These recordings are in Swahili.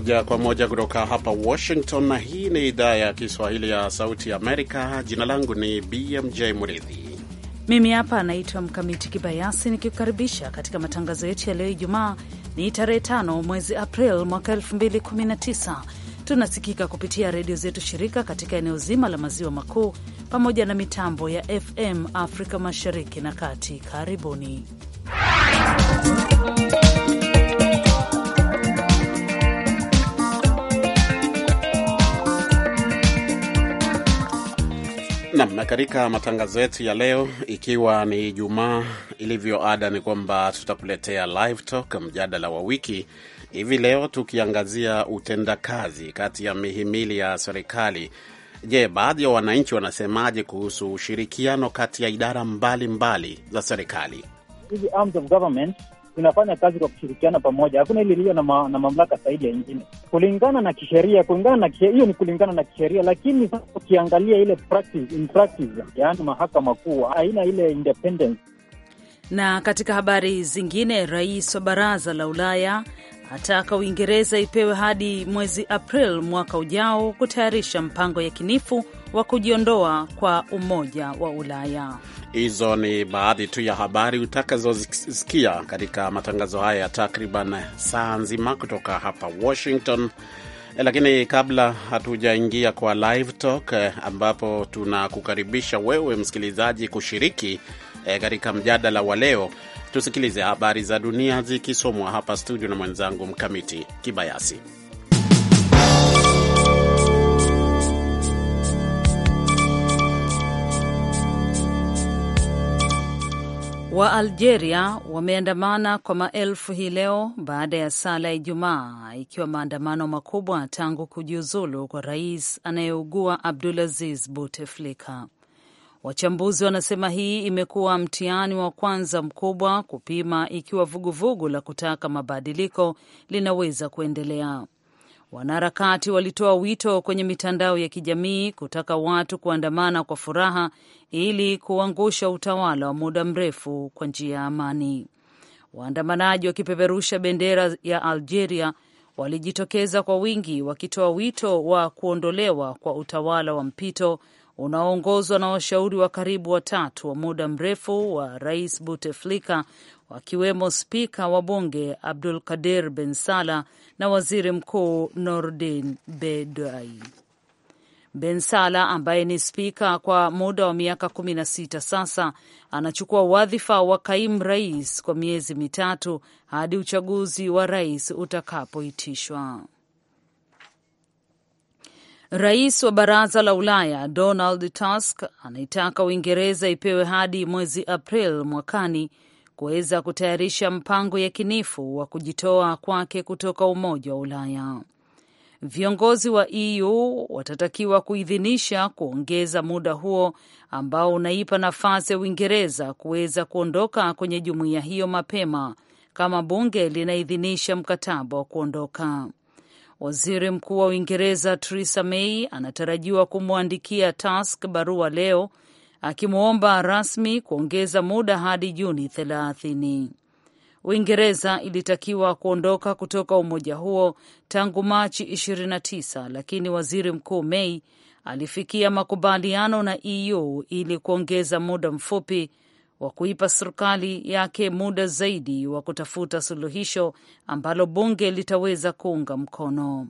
moja kwa moja kutoka hapa Washington, na hii ni idhaa ya Kiswahili ya Sauti ya Amerika. Jina langu ni BMJ mridhi mimi hapa anaitwa Mkamiti Kibayasi, nikikukaribisha katika matangazo yetu ya leo. Ijumaa ni tarehe tano mwezi April mwaka 2019. Tunasikika kupitia redio zetu shirika katika eneo zima la maziwa makuu pamoja na mitambo ya FM Afrika mashariki na kati. Karibuni Nam, katika matangazo yetu ya leo, ikiwa ni Ijumaa, ilivyo ada, ni kwamba tutakuletea live talk, mjadala wa wiki hivi leo, tukiangazia utendakazi kati ya mihimili ya serikali. Je, baadhi ya wananchi wanasemaje kuhusu ushirikiano kati ya idara mbalimbali mbali za serikali? tunafanya kazi kwa kushirikiana pamoja, hakuna ile iliyo na, ma, na mamlaka zaidi ya ingine kulingana na kisheria. Kulingana na hiyo ni kulingana na kisheria, lakini sasa ukiangalia ile practice, in practice, yaani mahakama kuu haina ile independence. Na katika habari zingine, rais wa baraza la Ulaya ataka Uingereza ipewe hadi mwezi April mwaka ujao kutayarisha mpango yakinifu wa kujiondoa kwa Umoja wa Ulaya. Hizo ni baadhi tu ya habari utakazosikia katika matangazo haya ya takriban saa nzima kutoka hapa Washington. Eh, lakini kabla hatujaingia kwa live talk, eh, ambapo tunakukaribisha wewe msikilizaji kushiriki Eh, katika e, mjadala wa leo. Tusikilize habari za dunia zikisomwa hapa studio na mwenzangu Mkamiti Kibayasi. Wa Algeria wameandamana kwa maelfu hii leo baada ya sala ya Ijumaa, ikiwa maandamano makubwa tangu kujiuzulu kwa rais anayeugua Abdulaziz Buteflika. Wachambuzi wanasema hii imekuwa mtihani wa kwanza mkubwa kupima ikiwa vuguvugu vugu la kutaka mabadiliko linaweza kuendelea. Wanaharakati walitoa wito kwenye mitandao ya kijamii kutaka watu kuandamana kwa furaha ili kuangusha utawala wa muda mrefu kwa njia ya amani. Waandamanaji wakipeperusha bendera ya Algeria walijitokeza kwa wingi wakitoa wito wa kuondolewa kwa utawala wa mpito unaoongozwa na washauri wa karibu watatu wa muda mrefu wa Rais buteflika wakiwemo spika wa bunge Abdul Kadir Bensala na waziri mkuu Nordin Bedai. Bensala ambaye ni spika kwa muda wa miaka kumi na sita sasa anachukua wadhifa wa kaimu rais kwa miezi mitatu hadi uchaguzi wa rais utakapoitishwa. Rais wa Baraza la Ulaya Donald Tusk anaitaka Uingereza ipewe hadi mwezi April mwakani kuweza kutayarisha mpango yakinifu wa kujitoa kwake kutoka Umoja wa Ulaya. Viongozi wa EU watatakiwa kuidhinisha kuongeza muda huo ambao unaipa nafasi ya Uingereza kuweza kuondoka kwenye jumuiya hiyo mapema kama bunge linaidhinisha mkataba wa kuondoka. Waziri Mkuu wa Uingereza Theresa May anatarajiwa kumwandikia task barua leo akimwomba rasmi kuongeza muda hadi Juni 30. Uingereza ilitakiwa kuondoka kutoka umoja huo tangu Machi 29 lakini waziri mkuu May alifikia makubaliano na EU ili kuongeza muda mfupi wa kuipa serikali yake muda zaidi wa kutafuta suluhisho ambalo bunge litaweza kuunga mkono.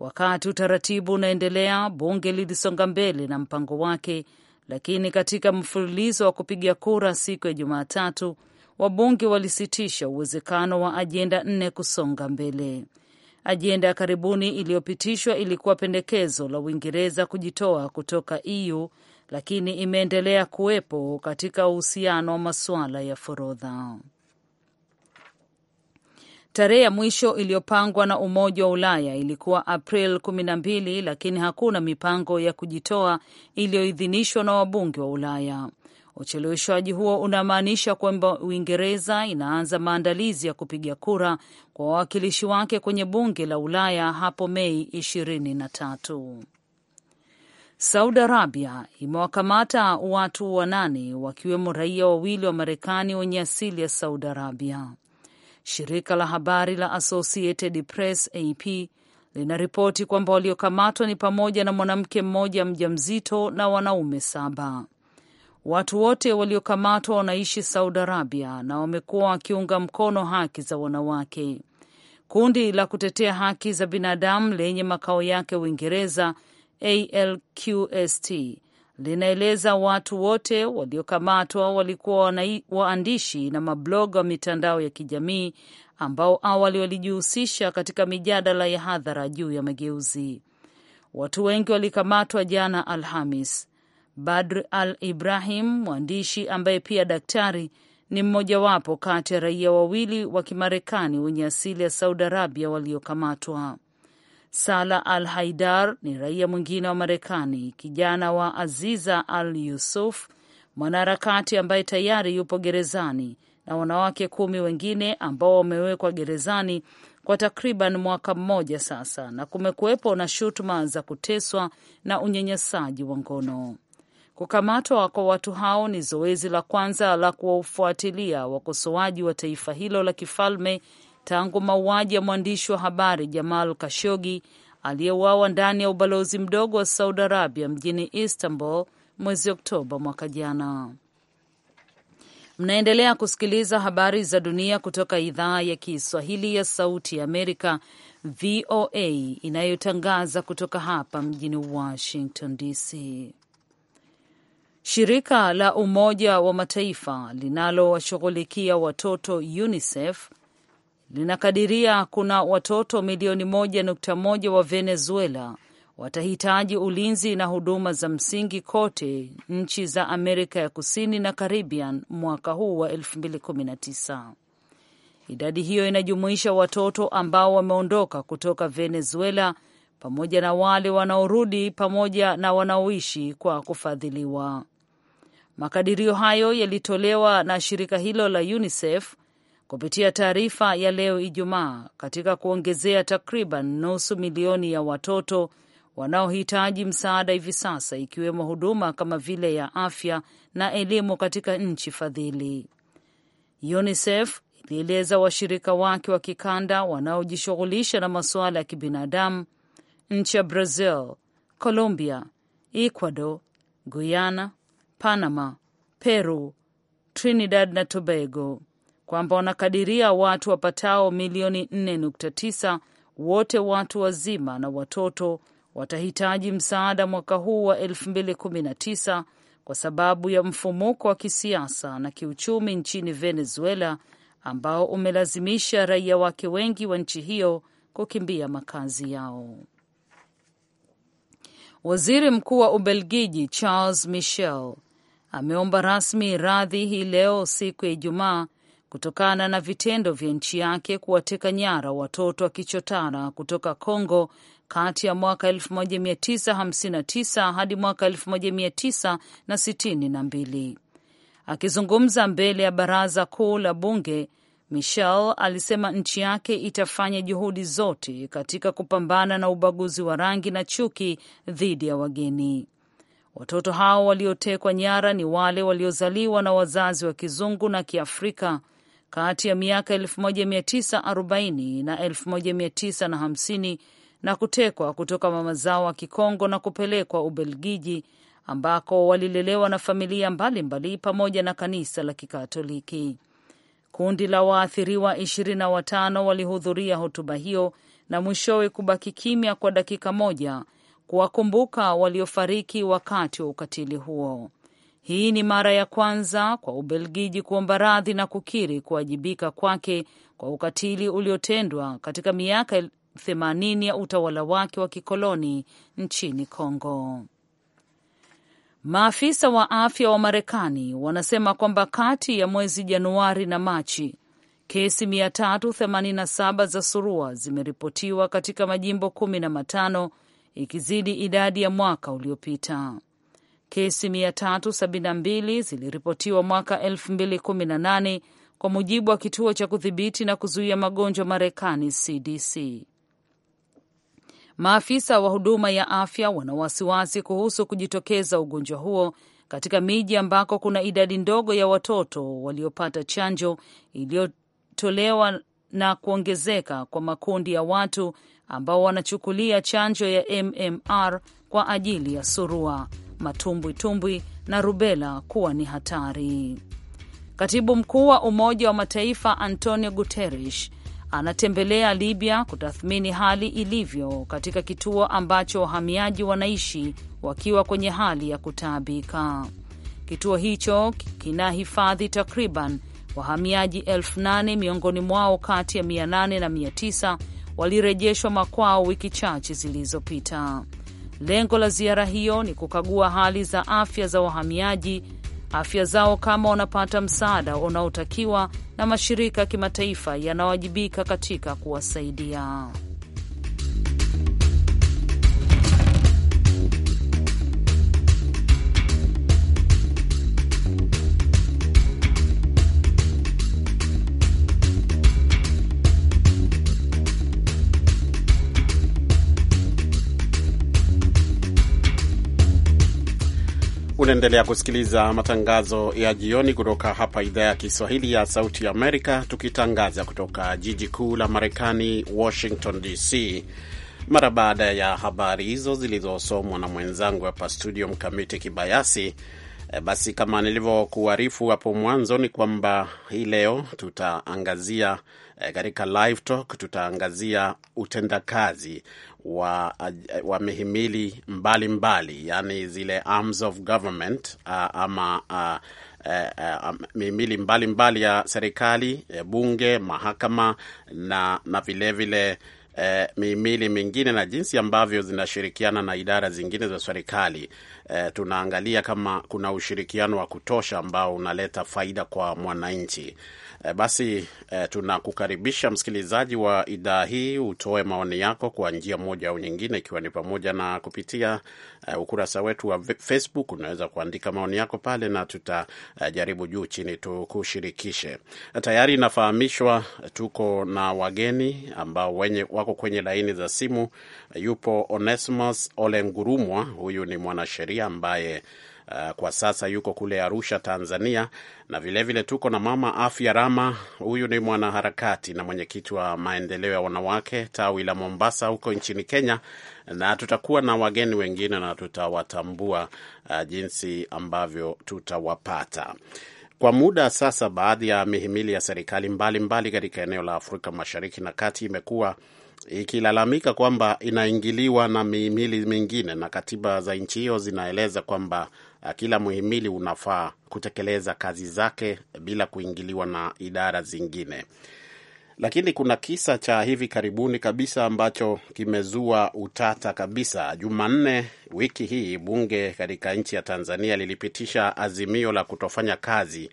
Wakati utaratibu unaendelea, bunge lilisonga mbele na mpango wake, lakini katika mfululizo wa kupiga kura siku ya Jumatatu, wabunge walisitisha uwezekano wa ajenda nne kusonga mbele. Ajenda ya karibuni iliyopitishwa ilikuwa pendekezo la Uingereza kujitoa kutoka EU lakini imeendelea kuwepo katika uhusiano wa masuala ya forodha. Tarehe ya mwisho iliyopangwa na Umoja wa Ulaya ilikuwa April 12, lakini hakuna mipango ya kujitoa iliyoidhinishwa na wabunge wa Ulaya. Ucheleweshwaji huo unamaanisha kwamba Uingereza inaanza maandalizi ya kupiga kura kwa wawakilishi wake kwenye bunge la Ulaya hapo Mei tatu Saudi Arabia imewakamata watu wanane wakiwemo raia wawili wa Marekani wenye asili ya Saudi Arabia. Shirika la habari la Associated Press AP linaripoti kwamba waliokamatwa ni pamoja na mwanamke mmoja mjamzito na wanaume saba. Watu wote waliokamatwa wanaishi Saudi Arabia na wamekuwa wakiunga mkono haki za wanawake. Kundi la kutetea haki za binadamu lenye makao yake Uingereza ALQST linaeleza watu wote waliokamatwa walikuwa waandishi na mabloga wa mitandao ya kijamii ambao awali walijihusisha katika mijadala ya hadhara juu ya mageuzi. Watu wengi walikamatwa jana Alhamis. Badr Al Ibrahim, mwandishi ambaye pia daktari, ni mmojawapo kati ya raia wawili wa Kimarekani wenye asili ya Saudi Arabia waliokamatwa. Sala Al Haidar ni raia mwingine wa Marekani, kijana wa Aziza Al Yusuf, mwanaharakati ambaye tayari yupo gerezani na wanawake kumi wengine ambao wamewekwa gerezani kwa takriban mwaka mmoja sasa, na kumekuwepo na shutuma za kuteswa na unyanyasaji wa ngono. Kukamatwa kwa watu hao ni zoezi la kwanza la kuwafuatilia wakosoaji wa taifa hilo la kifalme tangu mauaji ya mwandishi wa habari Jamal Kashogi aliyeuawa ndani ya ubalozi mdogo wa Saudi Arabia mjini Istanbul mwezi Oktoba mwaka jana. Mnaendelea kusikiliza habari za dunia kutoka idhaa ya Kiswahili ya Sauti ya Amerika, VOA, inayotangaza kutoka hapa mjini Washington DC. Shirika la Umoja wa Mataifa linalowashughulikia watoto UNICEF linakadiria kuna watoto milioni moja nukta moja wa Venezuela watahitaji ulinzi na huduma za msingi kote nchi za Amerika ya Kusini na Caribbean mwaka huu wa 2019. Idadi hiyo inajumuisha watoto ambao wameondoka kutoka Venezuela pamoja na wale wanaorudi pamoja na wanaoishi kwa kufadhiliwa. Makadirio hayo yalitolewa na shirika hilo la UNICEF kupitia taarifa ya leo Ijumaa, katika kuongezea takriban nusu milioni ya watoto wanaohitaji msaada hivi sasa, ikiwemo huduma kama vile ya afya na elimu katika nchi fadhili. UNICEF ilieleza washirika wake wa kikanda wanaojishughulisha na masuala ya kibinadamu nchi ya Brazil, Colombia, Ecuador, Guyana, Panama, Peru, Trinidad na Tobago kwamba wanakadiria watu wapatao milioni 4.9 wote watu wazima na watoto watahitaji msaada mwaka huu wa 2019 kwa sababu ya mfumuko wa kisiasa na kiuchumi nchini Venezuela ambao umelazimisha raia wake wengi wa nchi hiyo kukimbia makazi yao. Waziri Mkuu wa Ubelgiji Charles Michel ameomba rasmi radhi hii leo siku ya Ijumaa kutokana na vitendo vya nchi yake kuwateka nyara watoto wa kichotara kutoka congo kati ya mwaka 1959 hadi mwaka 1962. Akizungumza mbele ya baraza kuu la bunge, Michel alisema nchi yake itafanya juhudi zote katika kupambana na ubaguzi wa rangi na chuki dhidi ya wageni. Watoto hao waliotekwa nyara ni wale waliozaliwa na wazazi wa kizungu na Kiafrika kati ya miaka 1940 na 1950 na kutekwa kutoka mama zao wa Kikongo na kupelekwa Ubelgiji ambako walilelewa na familia mbalimbali mbali pamoja na kanisa la Kikatoliki. Kundi la waathiriwa 25 walihudhuria hotuba hiyo na mwishowe kubaki kimya kwa dakika moja kuwakumbuka waliofariki wakati wa ukatili huo. Hii ni mara ya kwanza kwa Ubelgiji kuomba radhi na kukiri kuwajibika kwake kwa ukatili uliotendwa katika miaka 80 ya utawala wake wa kikoloni nchini Kongo. Maafisa wa afya wa Marekani wanasema kwamba kati ya mwezi Januari na Machi, kesi 387 za surua zimeripotiwa katika majimbo kumi na matano ikizidi idadi ya mwaka uliopita. Kesi 372 ziliripotiwa mwaka 2018 kwa mujibu wa kituo cha kudhibiti na kuzuia magonjwa Marekani, CDC. Maafisa wa huduma ya afya wana wasiwasi kuhusu kujitokeza ugonjwa huo katika miji ambako kuna idadi ndogo ya watoto waliopata chanjo iliyotolewa na kuongezeka kwa makundi ya watu ambao wanachukulia chanjo ya MMR kwa ajili ya surua matumbwitumbwi na rubela kuwa ni hatari. Katibu mkuu wa Umoja wa Mataifa Antonio Guterres anatembelea Libya kutathmini hali ilivyo katika kituo ambacho wahamiaji wanaishi wakiwa kwenye hali ya kutaabika. Kituo hicho kinahifadhi takriban wahamiaji elfu nane miongoni mwao kati ya 89 na walirejeshwa makwao wiki chache zilizopita. Lengo la ziara hiyo ni kukagua hali za afya za wahamiaji, afya zao kama wanapata msaada unaotakiwa na mashirika ya kimataifa yanawajibika katika kuwasaidia. Unaendelea kusikiliza matangazo ya jioni kutoka hapa idhaa ya Kiswahili ya Sauti ya Amerika, tukitangaza kutoka jiji kuu la Marekani, Washington DC. Mara baada ya habari hizo zilizosomwa na mwenzangu hapa studio Mkamiti Kibayasi, E, basi kama nilivyokuarifu hapo mwanzo ni kwamba hii leo tutaangazia eh, katika live talk tutaangazia utendakazi wa, eh, wa mihimili mbalimbali yani zile arms of government ah, ama ah, mihimili mbalimbali ya serikali, bunge, mahakama na, na vilevile eh, mihimili mingine na jinsi ambavyo zinashirikiana na idara zingine za serikali. Eh, tunaangalia kama kuna ushirikiano wa kutosha ambao unaleta faida kwa mwananchi. Eh, basi e, tunakukaribisha msikilizaji wa idhaa hii utoe maoni yako kwa njia moja au nyingine, ikiwa ni pamoja na kupitia e, ukurasa wetu wa Facebook. Unaweza kuandika maoni yako pale na tutajaribu e, juu chini tukushirikishe. Tayari inafahamishwa tuko na wageni ambao wenye, wako kwenye laini za simu. Yupo Onesmus Olengurumwa, huyu ni mwanasheria ambaye Uh, kwa sasa yuko kule Arusha, Tanzania, na vilevile vile tuko na mama Afya Rama. Huyu ni mwanaharakati na mwenyekiti wa maendeleo ya wanawake tawi la Mombasa huko nchini Kenya, na tutakuwa na wageni wengine na tutawatambua uh, jinsi ambavyo tutawapata kwa muda sasa. Baadhi ya mihimili ya serikali mbalimbali katika eneo la Afrika Mashariki na Kati imekuwa ikilalamika kwamba inaingiliwa na mihimili mingine, na katiba za nchi hiyo zinaeleza kwamba Eh, kila muhimili unafaa kutekeleza kazi zake bila kuingiliwa na idara zingine. Lakini kuna kisa cha hivi karibuni kabisa ambacho kimezua utata kabisa. Jumanne wiki hii, bunge katika nchi ya Tanzania lilipitisha azimio la kutofanya kazi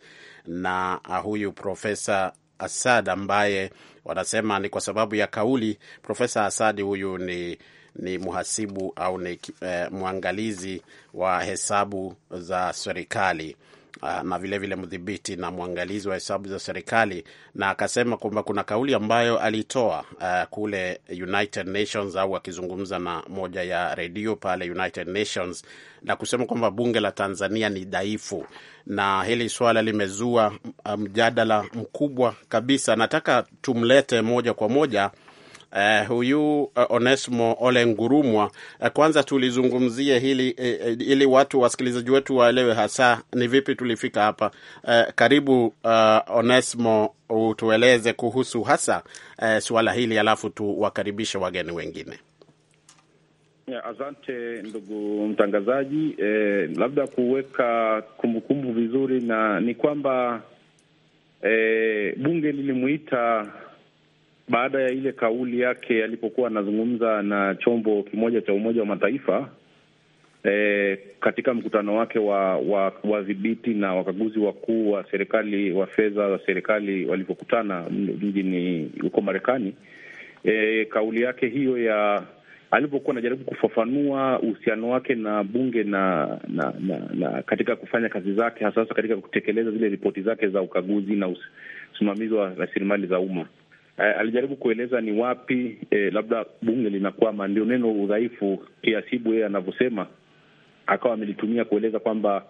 na huyu Profesa Asad ambaye wanasema ni kwa sababu ya kauli. Profesa Asadi huyu ni ni mhasibu au ni eh, mwangalizi wa hesabu za serikali ah, na vilevile mdhibiti na mwangalizi wa hesabu za serikali, na akasema kwamba kuna kauli ambayo alitoa uh, kule United Nations au akizungumza na moja ya redio pale United Nations na kusema kwamba bunge la Tanzania ni dhaifu, na hili swala limezua ah, mjadala mkubwa kabisa. Nataka tumlete moja kwa moja Uh, huyu uh, Onesmo Ole Ngurumwa uh, eh, kwanza tulizungumzie hili uh, ili watu wasikilizaji wetu waelewe hasa ni vipi tulifika hapa. Uh, karibu uh, Onesmo, utueleze kuhusu hasa uh, suala hili alafu tuwakaribishe wageni wengine. Asante ndugu mtangazaji. Eh, labda kuweka kumbukumbu vizuri, na ni kwamba eh, bunge lilimwita baada ya ile kauli yake alipokuwa anazungumza na chombo kimoja cha Umoja wa Mataifa e, katika mkutano wake wa wadhibiti wa na wakaguzi wakuu wa serikali wa fedha za serikali walivyokutana mjini huko Marekani. E, kauli yake hiyo ya alipokuwa anajaribu kufafanua uhusiano wake na bunge na na, na na katika kufanya kazi zake hasa hasa katika kutekeleza zile ripoti zake za ukaguzi na usimamizi wa rasilimali za umma eh, alijaribu kueleza ni wapi eh, labda bunge linakwama, ndio neno udhaifu kiasibu yeye anavyosema, akawa amelitumia kueleza kwamba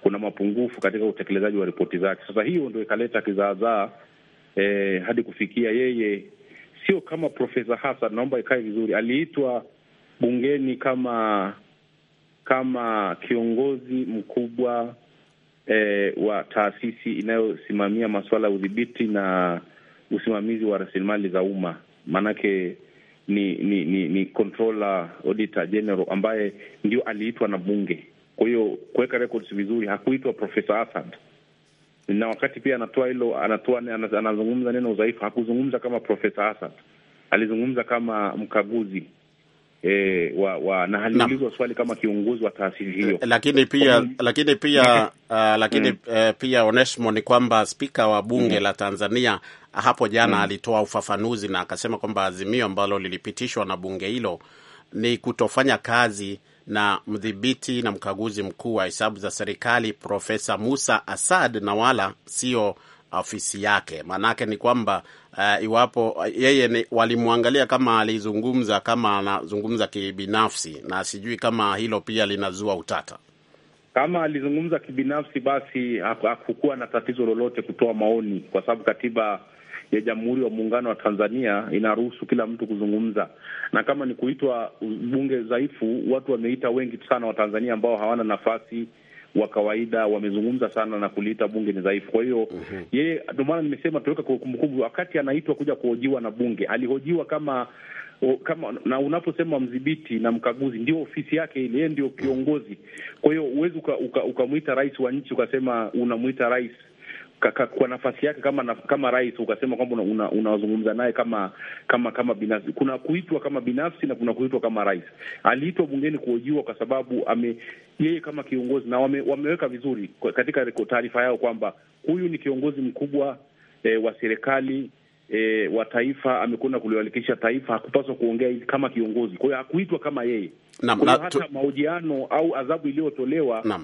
kuna mapungufu katika utekelezaji wa ripoti zake. Sasa hiyo ndio ikaleta kizaazaa eh, hadi kufikia yeye, sio kama Profesa Hassan, naomba ikae vizuri, aliitwa bungeni kama kama kiongozi mkubwa eh, wa taasisi inayosimamia masuala ya udhibiti na usimamizi wa rasilimali za umma maanake ni ni ni ni controller auditor general ambaye ndio aliitwa na bunge. Kwa hiyo kuweka records vizuri, hakuitwa Profesa Assad, na wakati pia anatoa hilo, anatoa anazungumza neno udhaifu, hakuzungumza kama Profesa Assad, alizungumza kama mkaguzi E, wa, wa, na aliulizwa swali kama kiongozi wa taasisi hiyo, eh, lakini pia um, lakini pia uh, lakini mm, uh, pia Onesmo ni kwamba spika wa bunge mm, la Tanzania hapo jana mm, alitoa ufafanuzi na akasema kwamba azimio ambalo lilipitishwa na bunge hilo ni kutofanya kazi na mdhibiti na mkaguzi mkuu wa hesabu za serikali Profesa Musa Asad na wala sio ofisi yake. Maanake ni kwamba uh, iwapo yeye ni, walimwangalia kama alizungumza kama anazungumza kibinafsi, na sijui kama hilo pia linazua utata. Kama alizungumza kibinafsi, basi hakukuwa na tatizo lolote kutoa maoni, kwa sababu katiba ya Jamhuri ya Muungano wa Tanzania inaruhusu kila mtu kuzungumza, na kama ni kuitwa bunge dhaifu, watu wameita wengi sana Watanzania ambao hawana nafasi wa kawaida wamezungumza sana na kuliita bunge ni dhaifu. Kwa hiyo mm -hmm. yeye ndio maana nimesema tuweka kumbukumbu, wakati anaitwa kuja kuhojiwa na bunge alihojiwa kama o, kama na unaposema mdhibiti na mkaguzi ndio ofisi yake ile, yeye ndio kiongozi. Kwa hiyo huwezi ukamwita uka rais wa nchi ukasema unamwita rais Kaka, kwa nafasi yake kama kama rais ukasema kwamba unawazungumza una naye kama kama kama binafsi. Kuna kuitwa kama binafsi na kuna kuitwa kama rais. Aliitwa bungeni kuhojiwa kwa sababu ame yeye kama kiongozi, na wame, wameweka vizuri katika taarifa yao kwamba huyu ni kiongozi mkubwa e, wa serikali e, wa taifa, amekwenda kuliwalikisha taifa, hakupaswa kuongea kama kiongozi. Kwa hiyo hakuitwa kama yeye na, na, hata tu... mahojiano au adhabu iliyotolewa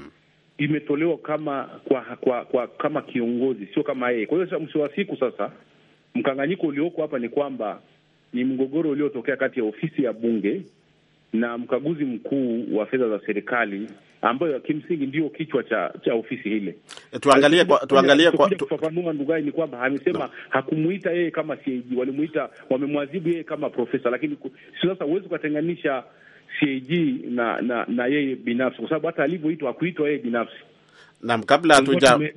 imetolewa kama kwa, kwa, kwa kama kiongozi, sio kama yeye. Kwa hiyo mwisho sasa mkanganyiko ulioko hapa ni kwamba ni mgogoro uliotokea kati ya ofisi ya bunge na mkaguzi mkuu wa fedha za serikali ambayo kimsingi ndio kichwa cha cha ofisi ile. Eh, tuangalie kwa tuangalie kwa kufafanua Ndugai ni kwamba amesema no. hakumuita yeye kama CAG, walimuita wamemwadhibu yeye kama profesa, lakini sasa huwezi kutenganisha CAG na na na yeye binafsi, kwa sababu hata alivyoitwa hakuitwa yeye binafsi. Na kabla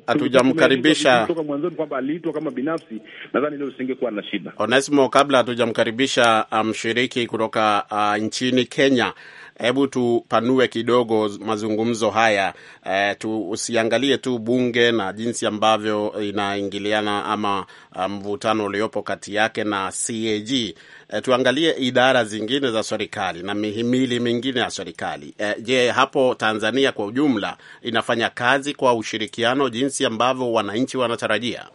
hatujamkaribisha toka mwanzoni kwamba aliitwa kama binafsi, nadhani leo singekuwa na shida. Onesimo, kabla hatujamkaribisha mshiriki um, kutoka uh, nchini Kenya hebu tupanue kidogo mazungumzo haya e, eh, tu, usiangalie tu bunge na jinsi ambavyo inaingiliana ama eh, mvutano uliopo kati yake na CAG. E, eh, tuangalie idara zingine za serikali na mihimili mingine ya serikali. E, je, hapo Tanzania kwa ujumla inafanya kazi kwa ushirikiano jinsi ambavyo wananchi wanatarajia?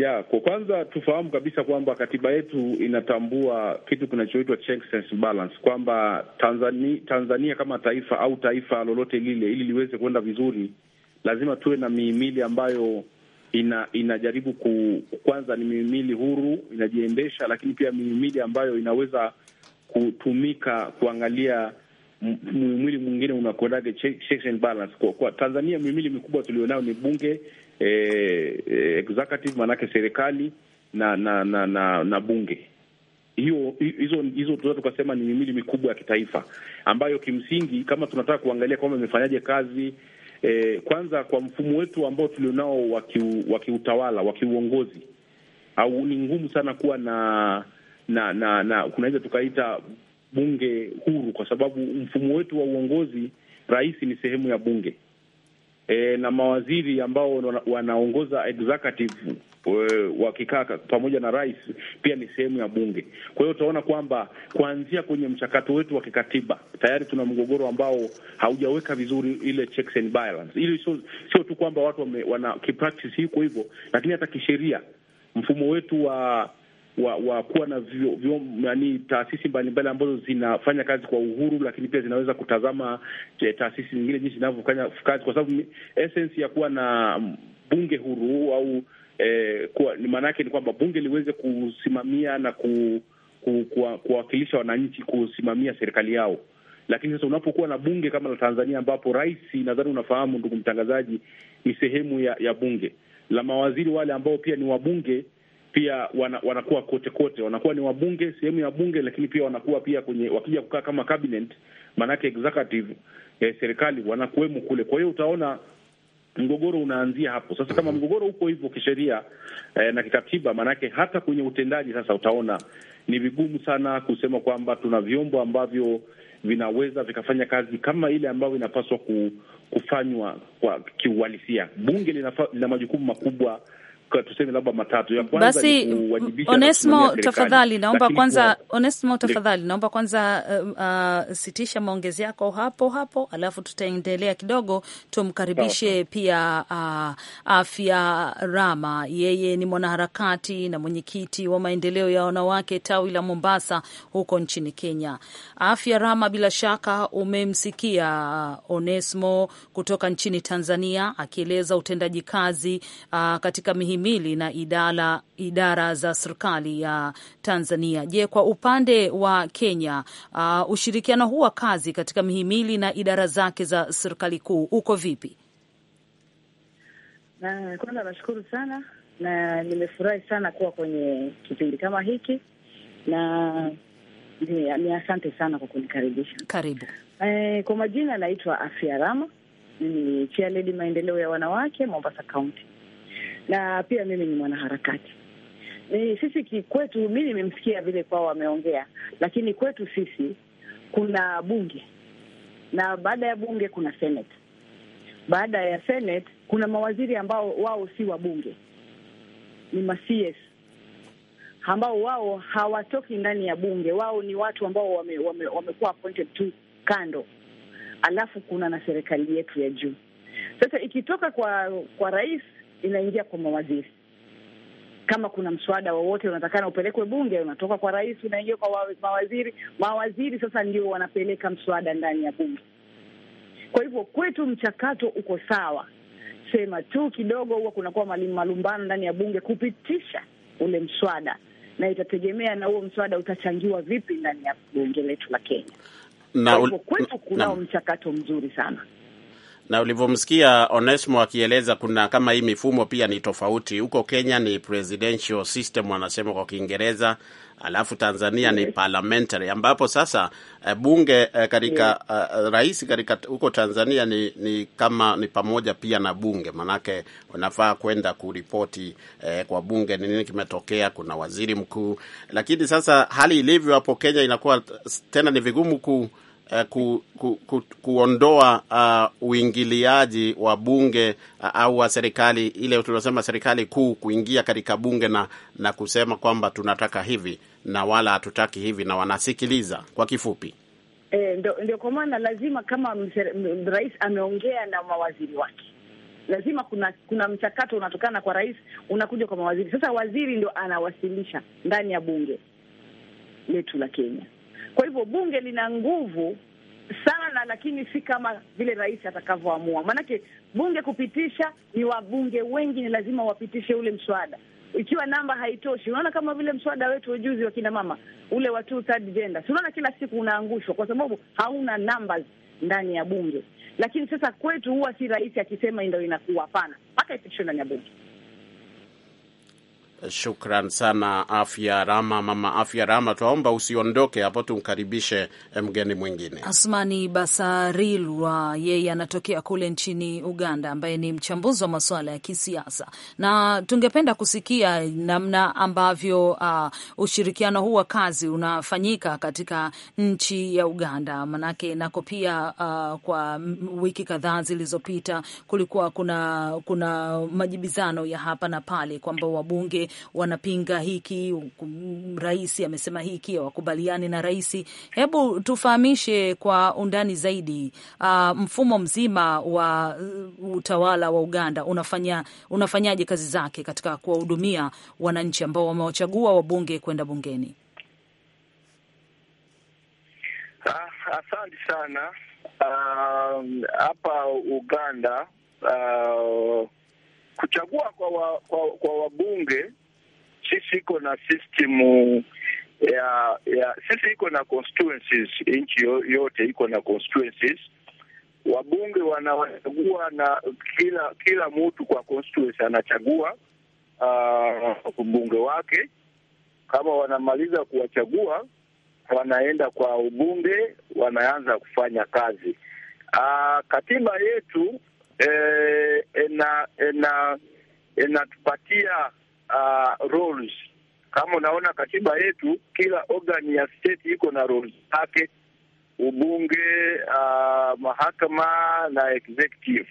Yeah, kwa kwanza tufahamu kabisa kwamba katiba yetu inatambua kitu kinachoitwa checks and balance, kwamba Tanzania, Tanzania kama taifa au taifa lolote lile, ili liweze kuenda vizuri, lazima tuwe na mihimili ambayo ina, inajaribu ku, kwanza ni mihimili huru inajiendesha, lakini pia mihimili ambayo inaweza kutumika kuangalia muhimili mwingine unakwendaje checks and balance. Kwa, kwa Tanzania mihimili mikubwa tulionayo ni bunge eh, eh executive maanake serikali na na na, na, na bunge hiyo hizo hizo tunaweza tukasema ni mihimili mikubwa ya kitaifa ambayo kimsingi kama tunataka kuangalia kwamba imefanyaje kazi eh, kwanza kwa mfumo wetu ambao tulionao wa kiutawala wa kiuongozi, au ni ngumu sana kuwa na na na, na kunaweza tukaita bunge huru, kwa sababu mfumo wetu wa uongozi, rais ni sehemu ya bunge e, na mawaziri ambao wanaongoza executive e, wakikaa pamoja na rais pia ni sehemu ya bunge. Kwa hiyo utaona kwamba kuanzia kwenye mchakato wetu wa kikatiba tayari tuna mgogoro ambao haujaweka vizuri ile checks and balance. Ili sio sio tu kwamba watu wame, wana kipractice hiko hivyo, lakini hata kisheria mfumo wetu wa wa, wa kuwa na vyo, vyo, yani, taasisi mbalimbali ambazo zinafanya kazi kwa uhuru, lakini pia zinaweza kutazama je, eh, taasisi nyingine jinsi zinavyofanya kazi, kwa sababu essence ya kuwa na bunge huru au eh, maana yake ni kwamba bunge liweze kusimamia na ku, ku, ku, kuwakilisha wananchi kusimamia serikali yao. Lakini sasa unapokuwa na bunge kama la Tanzania ambapo rais, nadhani unafahamu ndugu mtangazaji, ni sehemu ya, ya bunge la mawaziri wale ambao pia ni wabunge pia wana, wanakuwa kote kote, wanakuwa ni wabunge, sehemu ya bunge, lakini pia wanakuwa pia kwenye wakija kukaa kama cabinet, maanake executive ya eh, serikali wanakuwemo kule. Kwa hiyo utaona mgogoro unaanzia hapo sasa. Kama mgogoro uko hivyo kisheria eh, na kikatiba, maanake hata kwenye utendaji sasa utaona ni vigumu sana kusema kwamba tuna vyombo ambavyo vinaweza vikafanya kazi kama ile ambayo inapaswa kufanywa kwa kiuhalisia. Bunge lina majukumu makubwa tuseme labda matatu. Ya kwanza basi, Onesmo tafadhali, naomba kwanza kwa... Onesmo tafadhali, naomba kwanza uh, uh, sitisha maongezi yako hapo hapo, alafu tutaendelea kidogo, tumkaribishe pia uh, Afya Rama, yeye ni mwanaharakati na mwenyekiti wa maendeleo ya wanawake tawi la Mombasa huko nchini Kenya. Afya Rama, bila shaka umemsikia uh, Onesmo kutoka nchini Tanzania akieleza utendaji kazi uh, katika mihim mihimili na idara, idara za serikali ya Tanzania. Je, kwa upande wa Kenya, uh, ushirikiano huu wa kazi katika mihimili na idara zake za serikali kuu uko vipi? Na kwanza nashukuru sana na nimefurahi sana kuwa kwenye kipindi kama hiki na ni asante sana kwa kunikaribisha. Karibu. E, kwa majina naitwa Afia Rama, ni chairlady maendeleo ya wanawake Mombasa County na pia mimi ni mwanaharakati. Ni e, sisi kwetu mi nimemsikia vile kwao wameongea, lakini kwetu sisi kuna bunge na baada ya bunge kuna senate. Baada ya senate kuna mawaziri ambao wao si wa bunge, ni ma CS ambao wao hawatoki ndani ya bunge, wao ni watu ambao wamekuwa wame, wame appointed tu kando, alafu kuna na serikali yetu ya juu. Sasa ikitoka kwa kwa rais inaingia kwa mawaziri. Kama kuna mswada wowote unatakana upelekwe bunge, unatoka kwa rais unaingia kwa mawaziri. Mawaziri sasa ndio wanapeleka mswada ndani ya bunge. Kwa hivyo kwetu mchakato uko sawa, sema tu kidogo huwa kunakuwa malumbano ndani ya bunge kupitisha ule mswada, na itategemea na huo mswada utachangiwa vipi ndani ya bunge letu la Kenya. Na kwa hivyo kwetu kunao mchakato mzuri sana na ulivyomsikia Onesmo akieleza, kuna kama hii mifumo pia ni tofauti. Huko Kenya ni presidential system wanasema kwa Kiingereza, alafu Tanzania ni parliamentary, ambapo sasa eh, bunge eh, katika rahisi eh, rais katika huko Tanzania ni, ni kama ni pamoja pia na bunge, manake unafaa kwenda kuripoti eh, kwa bunge ni nini kimetokea. Kuna waziri mkuu, lakini sasa hali ilivyo hapo Kenya inakuwa tena ni vigumu ku uh, ku, ku, ku, kuondoa uh, uingiliaji wa bunge uh, au wa serikali ile tunasema serikali kuu kuingia katika bunge na, na kusema kwamba tunataka hivi na wala hatutaki hivi na wanasikiliza kwa kifupi. E, ndio, ndio kwa maana lazima kama rais ameongea na mawaziri wake lazima kuna kuna mchakato unatokana kwa rais unakuja kwa mawaziri. Sasa waziri ndio anawasilisha ndani ya bunge letu la Kenya. Kwa hivyo bunge lina nguvu sana, lakini si kama vile rais atakavyoamua. Maanake bunge kupitisha ni wabunge wengi, ni lazima wapitishe ule mswada ikiwa namba haitoshi. Unaona kama vile mswada wetu ujuzi wa kina mama ule wa two third gender, si unaona kila siku unaangushwa kwa sababu hauna namba ndani ya bunge. Lakini sasa kwetu huwa si rahisi akisema ndio inakuwa, hapana, mpaka ipitishwe ndani ya bunge. Shukran sana Afya Rama, mama Afya Rama, twaomba usiondoke hapo, tumkaribishe eh, mgeni mwingine Asmani Basarilwa. Yeye anatokea kule nchini Uganda, ambaye ni mchambuzi wa masuala ya kisiasa, na tungependa kusikia namna ambavyo uh, ushirikiano huu wa kazi unafanyika katika nchi ya Uganda, manake nako pia uh, kwa wiki kadhaa zilizopita kulikuwa kuna, kuna majibizano ya hapa na pale kwamba wabunge wanapinga hiki, rais amesema hiki, hawakubaliani na rais. Hebu tufahamishe kwa undani zaidi uh, mfumo mzima wa uh, utawala wa Uganda unafanya unafanyaje kazi zake katika kuwahudumia wananchi ambao wamewachagua wabunge kwenda bungeni? Ah, asante sana. Um, hapa uh, Uganda uh, kuchagua kwa wa, kwa, kwa wabunge sisi iko na system ya ya sisi iko na constituencies, nchi yote iko na constituencies. Wabunge wanawachagua na kila kila mtu kwa constituency anachagua uh, mbunge wake. Kama wanamaliza kuwachagua, wanaenda kwa ubunge, wanaanza kufanya kazi. Uh, katiba yetu eh, ena, ena, inatupatia uh, roles. Kama unaona katiba yetu, kila organ ya state iko na roles zake, ubunge, uh, mahakama na executive.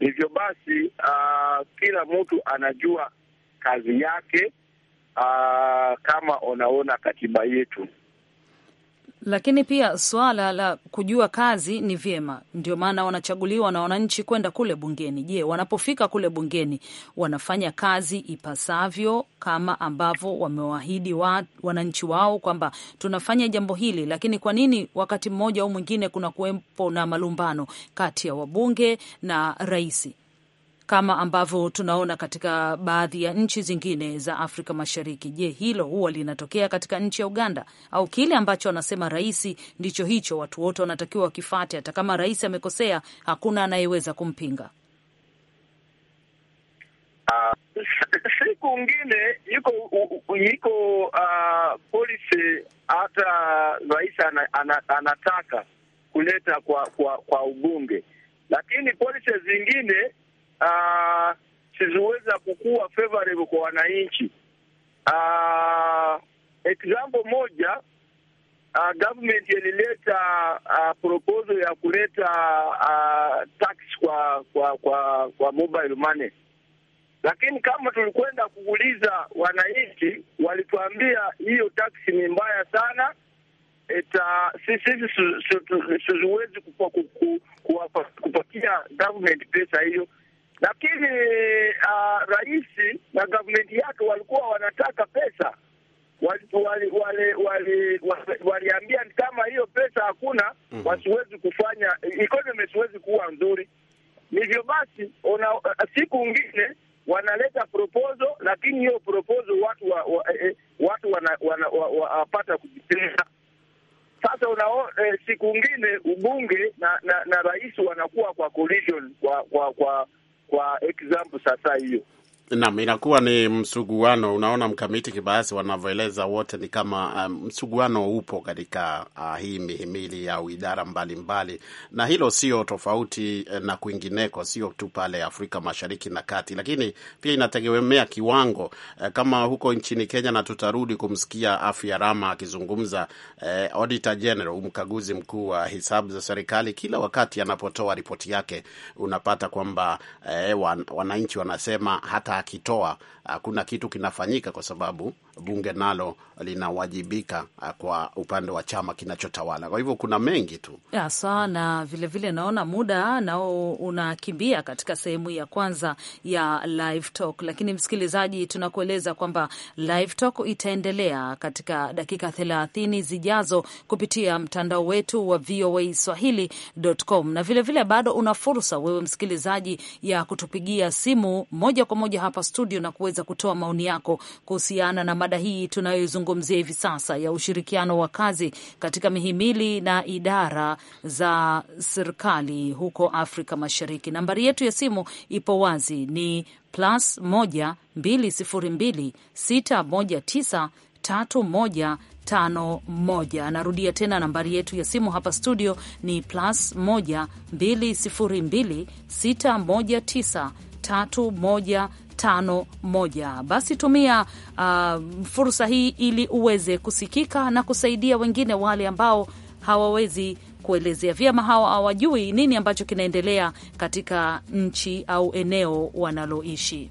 Hivyo basi, uh, kila mtu anajua kazi yake, uh, kama unaona katiba yetu lakini pia suala la kujua kazi ni vyema, ndio maana wanachaguliwa na wananchi kwenda kule bungeni. Je, wanapofika kule bungeni wanafanya kazi ipasavyo kama ambavyo wamewaahidi wa, wananchi wao kwamba tunafanya jambo hili? Lakini kwa nini wakati mmoja au mwingine kuna kuwepo na malumbano kati ya wabunge na rais? kama ambavyo tunaona katika baadhi ya nchi zingine za Afrika Mashariki. Je, hilo huwa linatokea katika nchi ya Uganda au kile ambacho anasema rais ndicho hicho watu wote wanatakiwa wakifate? Hata kama rais amekosea, hakuna anayeweza kumpinga. Uh, siku ngine yuko yuko uh, ah, polisi hata rais ana, ana, anataka kuleta kwa kwa, kwa ubunge, lakini polisi zingine siziweza kukua kukuwa favorable kwa wananchi. Uh, example moja Uh, government ilileta uh, proposal ya kuleta uh, tax kwa kwa kwa kwa mobile money, lakini kama tulikwenda kuuliza wananchi, walituambia hiyo tax ni mbaya sana, sisi siziwezi kupatia government pesa hiyo, lakini uh, ah, rais na gavumenti yake walikuwa wanataka pesa, waliambia wali, wali, wali, wali, wali kama hiyo pesa hakuna mm -hmm. wasiwezi kufanya ikonomi siwezi kuwa nzuri. Hivyo basi una, siku ingine wanaleta proposal, lakini hiyo proposal watu wa, wa, eh, eh watu wanapata wana, wa, wa, kujipea sasa una eh, siku ingine ubunge na, na, na rais wanakuwa kwa collision, kwa kwa kwa kwa example sasa hiyo Naam, inakuwa ni msuguano. Unaona mkamiti kibayasi wanavyoeleza wote ni kama um, msuguano upo katika uh, hii mihimili au idara mbalimbali, na hilo sio tofauti eh, na kwingineko, sio tu pale Afrika Mashariki na Kati, lakini pia inategemea kiwango uh, kama huko nchini Kenya, na tutarudi kumsikia Afya Rama akizungumza uh, Auditor General, mkaguzi mkuu wa hisabu za serikali, kila wakati anapotoa ripoti yake unapata kwamba uh, wan, wananchi wanasema hata akitoa hakuna kitu kinafanyika, kwa sababu bunge nalo linawajibika uh, kwa upande wa chama kinachotawala. Kwa hivyo kuna mengi tu haswa, na vilevile naona muda nao unakimbia katika sehemu ya kwanza ya Live Talk, lakini msikilizaji, tunakueleza kwamba Live Talk itaendelea katika dakika thelathini zijazo kupitia mtandao wetu wa VOA Swahili.com, na vilevile vile bado una fursa wewe msikilizaji ya kutupigia simu moja kwa moja hapa studio na kuweza kutoa maoni yako kuhusiana na mada hii tunayoizungumzia hivi sasa ya ushirikiano wa kazi katika mihimili na idara za serikali huko Afrika Mashariki. Nambari yetu ya simu ipo wazi, ni plus 1 202 619 31 tano moja. Anarudia tena nambari yetu ya simu hapa studio ni plus 1 202 619 3151. Basi tumia uh, fursa hii ili uweze kusikika na kusaidia wengine wale ambao hawawezi kuelezea vyema, hawa hawajui nini ambacho kinaendelea katika nchi au eneo wanaloishi.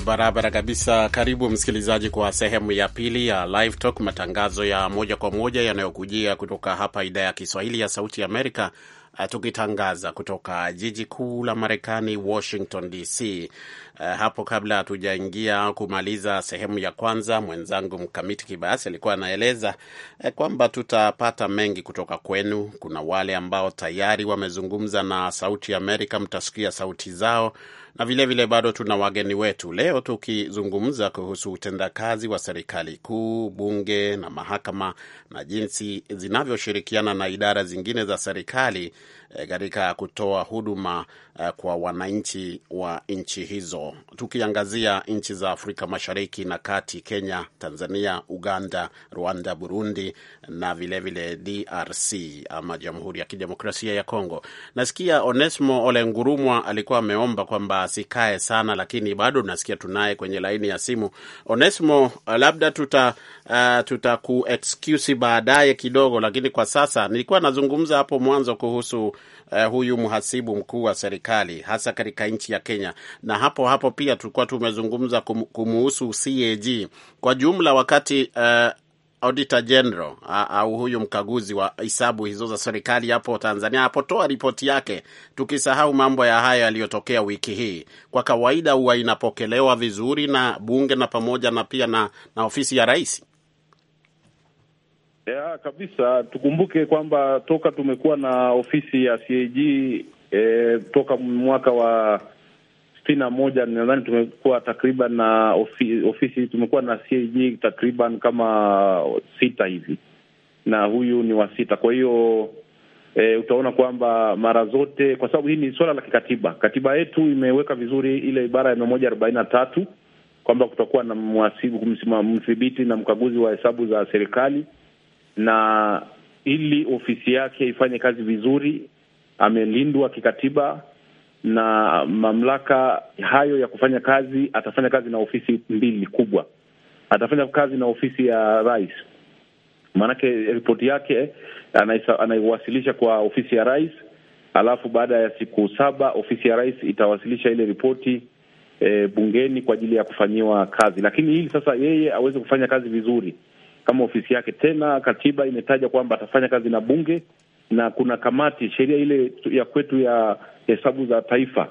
Barabara kabisa. Karibu msikilizaji, kwa sehemu ya pili ya Live Talk, matangazo ya moja kwa moja yanayokujia kutoka hapa idhaa ya Kiswahili ya Sauti ya Amerika, eh, tukitangaza kutoka jiji kuu la Marekani, Washington DC. Eh, hapo kabla hatujaingia kumaliza sehemu ya kwanza, mwenzangu Mkamiti Kibayasi alikuwa anaeleza eh, kwamba tutapata mengi kutoka kwenu. Kuna wale ambao tayari wamezungumza na Sauti ya Amerika, mtasikia sauti zao na vilevile vile bado tuna wageni wetu leo tukizungumza kuhusu utendakazi wa serikali kuu, bunge na mahakama na jinsi zinavyoshirikiana na idara zingine za serikali Eh, katika kutoa huduma eh, kwa wananchi wa nchi hizo, tukiangazia nchi za Afrika Mashariki na Kati: Kenya, Tanzania, Uganda, Rwanda, Burundi na vilevile vile DRC ama Jamhuri ya Kidemokrasia ya Kongo. Nasikia Onesmo Ole Ngurumwa alikuwa ameomba kwamba asikae sana, lakini bado nasikia tunaye kwenye laini ya simu. Onesmo, eh, labda tuta uh, tutaku baadaye kidogo, lakini kwa sasa nilikuwa nazungumza hapo mwanzo kuhusu eh, huyu mhasibu mkuu wa serikali hasa katika nchi ya Kenya. Na hapo hapo pia tulikuwa tumezungumza kumuhusu CAG kwa jumla wakati eh, Auditor General au huyu mkaguzi wa hisabu hizo za serikali hapo Tanzania apotoa ripoti yake, tukisahau mambo ya haya yaliyotokea wiki hii. Kwa kawaida huwa inapokelewa vizuri na bunge na pamoja na pia na, na ofisi ya rais. Ya, kabisa tukumbuke kwamba toka tumekuwa na ofisi ya CAG e, eh, toka mwaka wa sitini na moja nadhani tumekuwa takriban na ofisi, ofisi tumekuwa na CAG takriban kama sita hivi na huyu ni wa sita. Kwa hiyo e, utaona kwamba mara zote, kwa sababu hii ni suala la kikatiba, katiba yetu imeweka vizuri ile ibara ya mia moja arobaini na tatu kwamba kutakuwa na mhasibu, mdhibiti na mkaguzi wa hesabu za serikali na ili ofisi yake ifanye kazi vizuri, amelindwa kikatiba na mamlaka hayo ya kufanya kazi. Atafanya kazi na ofisi mbili kubwa, atafanya kazi na ofisi ya rais, maanake ripoti yake anaiwasilisha kwa ofisi ya rais, alafu baada ya siku saba ofisi ya rais itawasilisha ile ripoti e, bungeni kwa ajili ya kufanyiwa kazi. Lakini hili sasa, yeye aweze kufanya kazi vizuri kama ofisi yake. Tena katiba imetaja kwamba atafanya kazi na bunge na kuna kamati, sheria ile ya kwetu ya hesabu za taifa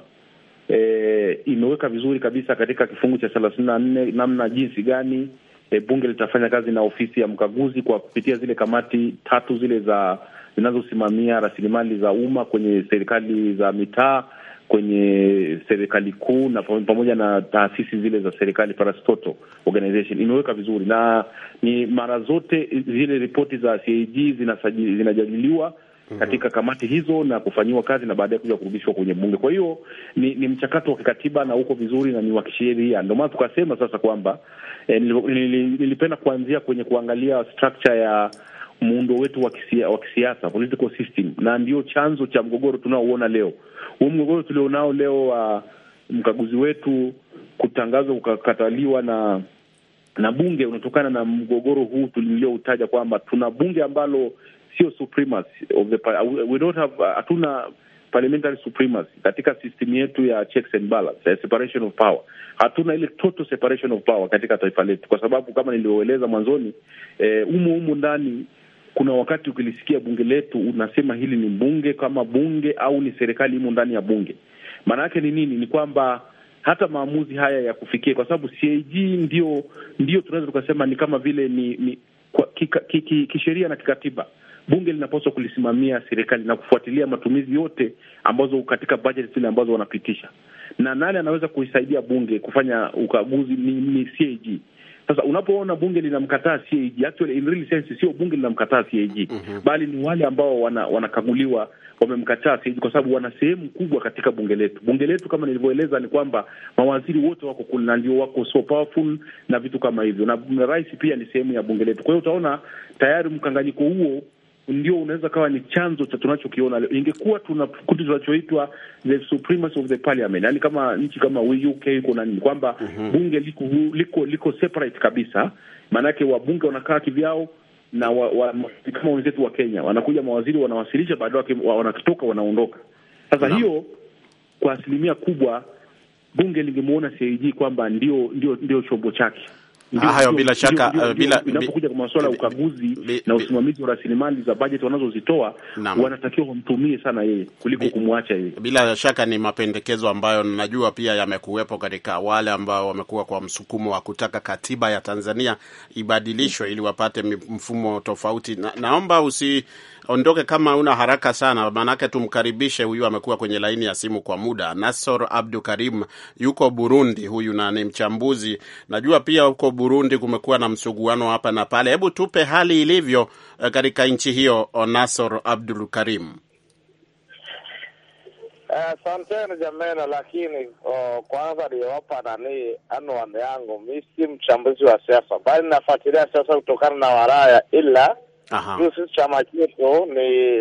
e, imeweka vizuri kabisa katika kifungu cha thelathini na nne namna jinsi gani e, bunge litafanya kazi na ofisi ya mkaguzi kwa kupitia zile kamati tatu zile za zinazosimamia rasilimali za umma kwenye serikali za mitaa kwenye serikali kuu na pamoja na taasisi zile za serikali, parastoto Organization imeweka vizuri, na ni mara zote zile ripoti za CAG zinajadiliwa mhm. katika kamati hizo na kufanyiwa kazi na baadaye kuja kurudishwa kwenye bunge. Kwa hiyo ni, ni mchakato wa kikatiba na uko vizuri na ni wa kisheria. Ndio maana tukasema sasa kwamba eh, nilipenda kuanzia kwenye kuangalia structure ya muundo wetu wa kisiasa political system, na ndio chanzo cha mgogoro tunaouona leo. Huu mgogoro tulionao leo wa uh, mkaguzi wetu kutangazwa kukataliwa na na bunge unatokana na mgogoro huu tulioutaja kwamba tuna bunge ambalo sio supremacy of the we don't have hatuna parliamentary supremacy katika system yetu ya checks and balance, ya eh, separation of power. Hatuna ile total separation of power katika taifa letu, kwa sababu kama nilivyoeleza mwanzoni, eh, umo umo ndani kuna wakati ukilisikia bunge letu unasema hili ni bunge kama bunge au ni serikali imo ndani ya bunge. Maana yake ni nini? Ni kwamba hata maamuzi haya ya kufikia, kwa sababu CAG ndio ndio tunaweza tukasema ni kama vile ni, ni kisheria ki, ki, kisheria na kikatiba bunge linapaswa kulisimamia serikali na kufuatilia matumizi yote ambazo katika bajeti zile ambazo wanapitisha, na nani anaweza kuisaidia bunge kufanya ukaguzi? Ni, ni CAG. Sasa unapoona bunge linamkataa CAG, actually in real sense sio bunge linamkataa CAG mm -hmm. bali ni wale ambao wana, wanakaguliwa wamemkataa CAG kwa sababu wana sehemu kubwa katika bunge letu. Bunge letu kama nilivyoeleza ni kwamba mawaziri wote wako kule na ndio wako so powerful na vitu kama hivyo, na rais pia ni sehemu ya bunge letu. Kwa hiyo utaona tayari mkanganyiko huo ndio unaweza kawa ni chanzo cha tunachokiona leo. Ingekuwa tuna kitu tunachoitwa the supremacy of the parliament, yani kama nchi kama UK iko na nini kwamba mm -hmm. bunge liko, liko liko separate kabisa, maanake wabunge wanakaa kivyao na wa, wa, kama wenzetu wa Kenya wanakuja mawaziri wanawasilisha, baadaye wanatoka wanaondoka. Sasa no. hiyo kwa asilimia kubwa bunge lingemwona CAG kwamba ndio ndio ndio chombo chake. Ah, hayo bila shaka, eh, bila inapokuja kwa masuala ya ukaguzi na usimamizi wa rasilimali za bajeti wanazozitoa, wanatakiwa wamtumie sana yeye kuliko kumwacha yeye. Bila shaka ni mapendekezo ambayo najua pia yamekuwepo katika wale ambao wamekuwa kwa msukumo wa kutaka katiba ya Tanzania ibadilishwe ili wapate mfumo tofauti. Na, naomba usi ondoke kama una haraka sana, maanake tumkaribishe huyu, amekuwa kwenye laini ya simu kwa muda. Nasor Abdu Karim yuko Burundi huyu na ni mchambuzi. Najua pia huko Burundi kumekuwa na msuguano hapa na pale. Hebu tupe hali ilivyo eh, katika nchi hiyo, oh, Nasor Abdul Karim. Asanteni uh, jamena, lakini oh, kwanza niliwapa nani anwani yangu. Mi si mchambuzi wa siasa, bali nafuatilia siasa kutokana na waraya, ila hiyo sisi chama chetu ni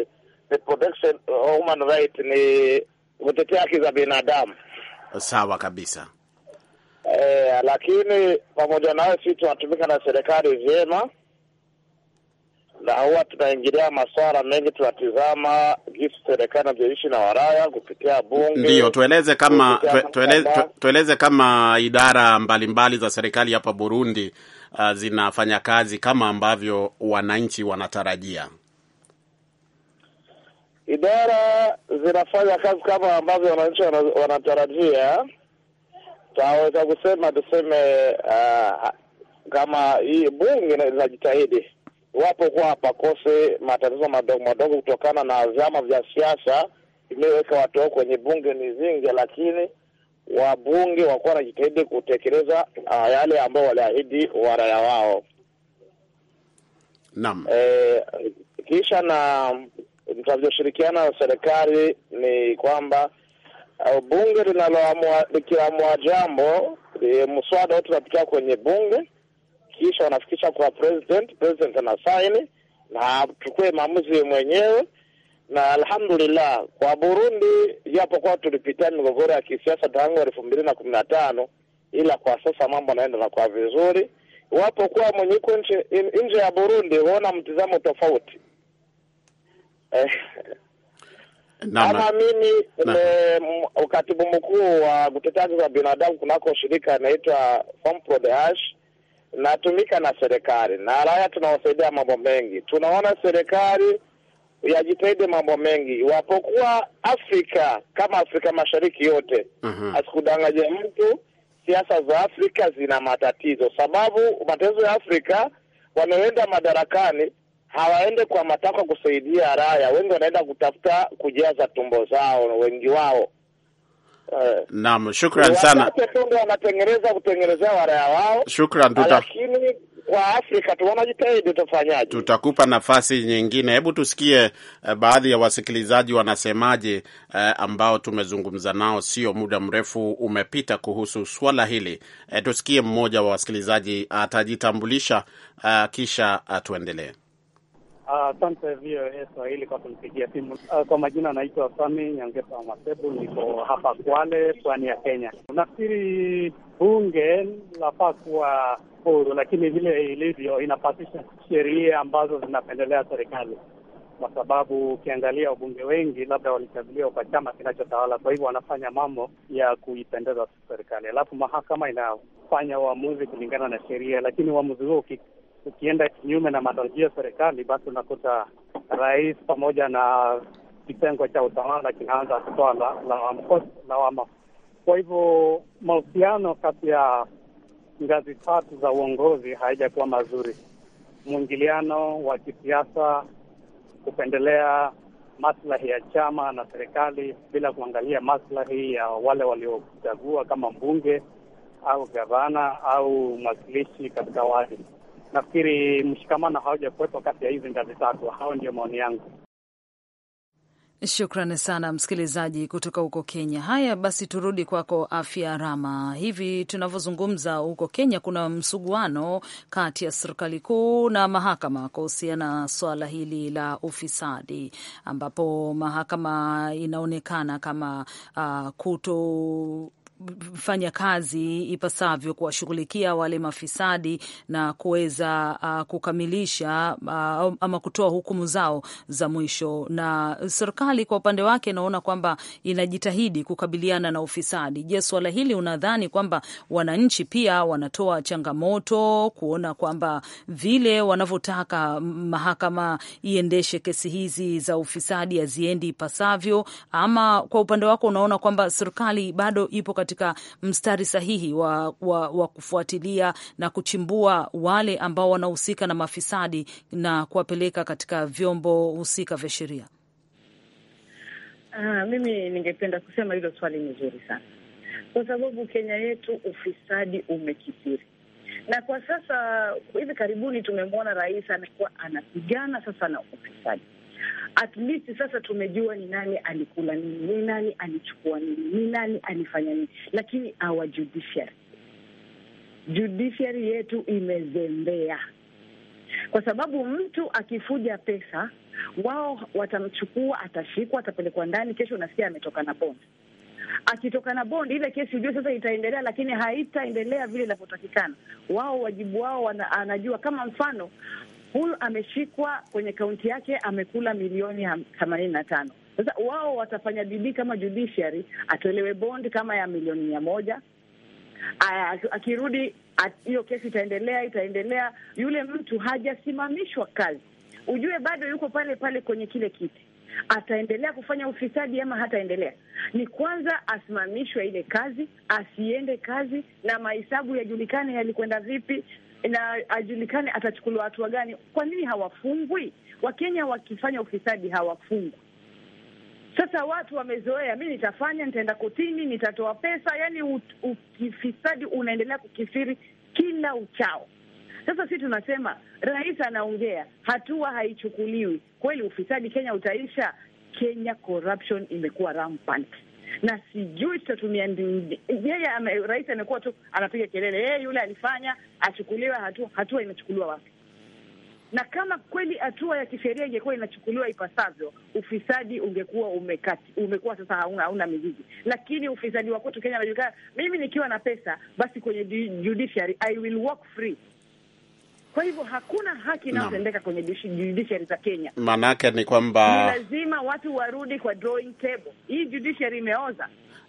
ni protection uh, human right, ni kutetea haki za binadamu. Sawa kabisa. E, lakini pamoja nayo hayo sisi tunatumika na serikali vyema, na huwa tunaingilia masuala mengi, tunatizama jinsi serikali inavyoishi na waraya kupitia bunge. Ndio tueleze kama tueleze, tueleze kama idara mbalimbali mbali za serikali hapa Burundi uh, zinafanya kazi kama ambavyo wananchi wanatarajia? Idara zinafanya kazi kama ambavyo wananchi wanatarajia, taweza kusema tuseme, uh, kama hii bunge linajitahidi wapo kwa pakose matatizo madogo madogo kutokana na vyama vya siasa, imeweka watu kwenye bunge ni zingi, lakini wabunge wakuwa wanajitahidi kutekeleza uh, yale ambao waliahidi waraya wao. Naam. E, kisha na mtavyoshirikiana na serikali ni kwamba uh, bunge linaloamua likiamua jambo e, mswada wote unapitia kwenye bunge, kisha wanafikisha kwa president, president anasaini na tuchukue maamuzi mwenyewe na alhamdulillah kwa Burundi, japokuwa tulipitia migogoro ya kisiasa tangu elfu mbili na kumi na tano, ila kwa sasa mambo yanaenda na kwa vizuri. Wapo mwenye uko nje ya Burundi huona mtizamo tofauti eh. Ama na, mimi na, katibu mkuu wa kutetea haki za binadamu kunako shirika inaitwa natumika na serikali na raia, tunawasaidia mambo mengi. Tunaona serikali yajitahidi mambo mengi, wapokuwa Afrika kama Afrika Mashariki yote. mm-hmm. Asikudanganye mtu, siasa za Afrika zina matatizo, sababu matatizo ya Afrika wanaoenda madarakani hawaende kwa matakwa kusaidia raya wengi wanaenda kutafuta kujaza tumbo zao, wengi wao eh. Naam, shukran sana, wanatengeneza kutengenezea waraya wao, shukran, lakini wa Afrika tu wanajitahidi, tutafanyaje? Tutakupa nafasi nyingine. Hebu tusikie eh, baadhi ya wasikilizaji wanasemaje, eh, ambao tumezungumza nao sio muda mrefu umepita kuhusu swala hili. eh, tusikie mmoja wa wasikilizaji atajitambulisha, uh, kisha uh, tuendelee. Asante uh, VOA Swahili kwa kunipigia simu. Uh, kwa majina anaitwa Sami Nyangesa masebu niko hapa Kwale, pwani ya Kenya. Nafikiri bunge lafaa kuwa huru, lakini vile ilivyo inapasisha sheria ambazo zinapendelea serikali, kwa sababu ukiangalia wabunge wengi labda walichaguliwa kwa chama kinachotawala, kwa hivyo wanafanya mambo ya kuipendeza serikali, alafu mahakama inafanya uamuzi kulingana na sheria, lakini uamuzi huo ukienda kinyume na matarajio ya serikali, basi unakuta rais pamoja na kitengo cha utawala kinaanza kutoa lawama. Kwa hivyo mahusiano kati ya ngazi tatu za uongozi haijakuwa mazuri. Mwingiliano wa kisiasa, kupendelea maslahi ya chama na serikali bila kuangalia maslahi ya wale waliochagua kama mbunge au gavana au mwakilishi katika wadi nafikiri mshikamano kuwepo kati ya hizi ngazi tatu. Hao ndio maoni yangu. Shukrani sana msikilizaji kutoka huko Kenya. Haya basi, turudi kwako Afya Rama. Hivi tunavyozungumza huko Kenya, kuna msuguano kati ya serikali kuu na mahakama kuhusiana na swala hili la ufisadi, ambapo mahakama inaonekana kama uh, kuto fanya kazi ipasavyo kuwashughulikia wale mafisadi na kuweza uh, kukamilisha uh, ama kutoa hukumu zao za mwisho. Na serikali kwa upande wake inaona kwamba inajitahidi kukabiliana na ufisadi. Je, suala hili unadhani kwamba wananchi pia wanatoa changamoto kuona kwamba vile wanavyotaka mahakama iendeshe kesi hizi za ufisadi haziendi ipasavyo, ama kwa upande wako unaona kwamba serikali bado ipo katika mstari sahihi wa, wa, wa kufuatilia na kuchimbua wale ambao wanahusika na mafisadi na kuwapeleka katika vyombo husika vya sheria? Ah, mimi ningependa kusema hilo swali ni zuri sana, kwa sababu Kenya yetu ufisadi umekithiri, na kwa sasa hivi karibuni tumemwona rais amekuwa anapigana sasa na ufisadi At least sasa tumejua ni nani alikula nini, ni nani alichukua nini, ni nani alifanya nini, lakini our judiciary, judiciary yetu imezembea, kwa sababu mtu akifuja pesa wao watamchukua, atashikwa, atapelekwa ndani, kesho unasikia ametoka na bond Akitoka na bondi, ile kesi hujua sasa itaendelea, lakini haitaendelea vile inavyotakikana. Wao wajibu wao anajua, kama mfano huyu ameshikwa kwenye kaunti yake amekula milioni themanini na tano. Sasa wao watafanya bidii kama judiciary, atolewe bondi kama ya milioni mia moja. Akirudi hiyo kesi itaendelea, itaendelea. Yule mtu hajasimamishwa kazi, ujue bado yuko pale pale kwenye kile kiti. Ataendelea kufanya ufisadi ama hataendelea? Ni kwanza asimamishwe ile kazi, asiende kazi, na mahesabu yajulikane yalikwenda vipi, na ajulikane atachukuliwa hatua gani. Kwa nini hawafungwi? Wakenya wakifanya ufisadi hawafungwi. Sasa watu wamezoea, mi nitafanya, nitaenda kotini, nitatoa pesa. Yani ufisadi unaendelea kukithiri kila uchao. Sasa si tunasema rais anaongea, hatua haichukuliwi. Kweli ufisadi Kenya utaisha? Kenya corruption imekuwa rampant na sijui tutatumia yeye. Rais amekuwa tu anapiga kelele, yeye yule alifanya, achukuliwe hatua. Hatua inachukuliwa wapi? Na kama kweli hatua ya kisheria ingekuwa inachukuliwa ipasavyo, ufisadi ungekuwa umekati, umekuwa sasa hauna, hauna mizizi. Lakini ufisadi wa kwetu Kenya anajulikana Mimi nikiwa na pesa, basi kwenye judiciary I will walk free kwa hivyo hakuna haki inayotendeka kwenye judiciary za Kenya. Maanake ni kwamba lazima watu warudi kwa drawing table. Hii judiciary imeoza.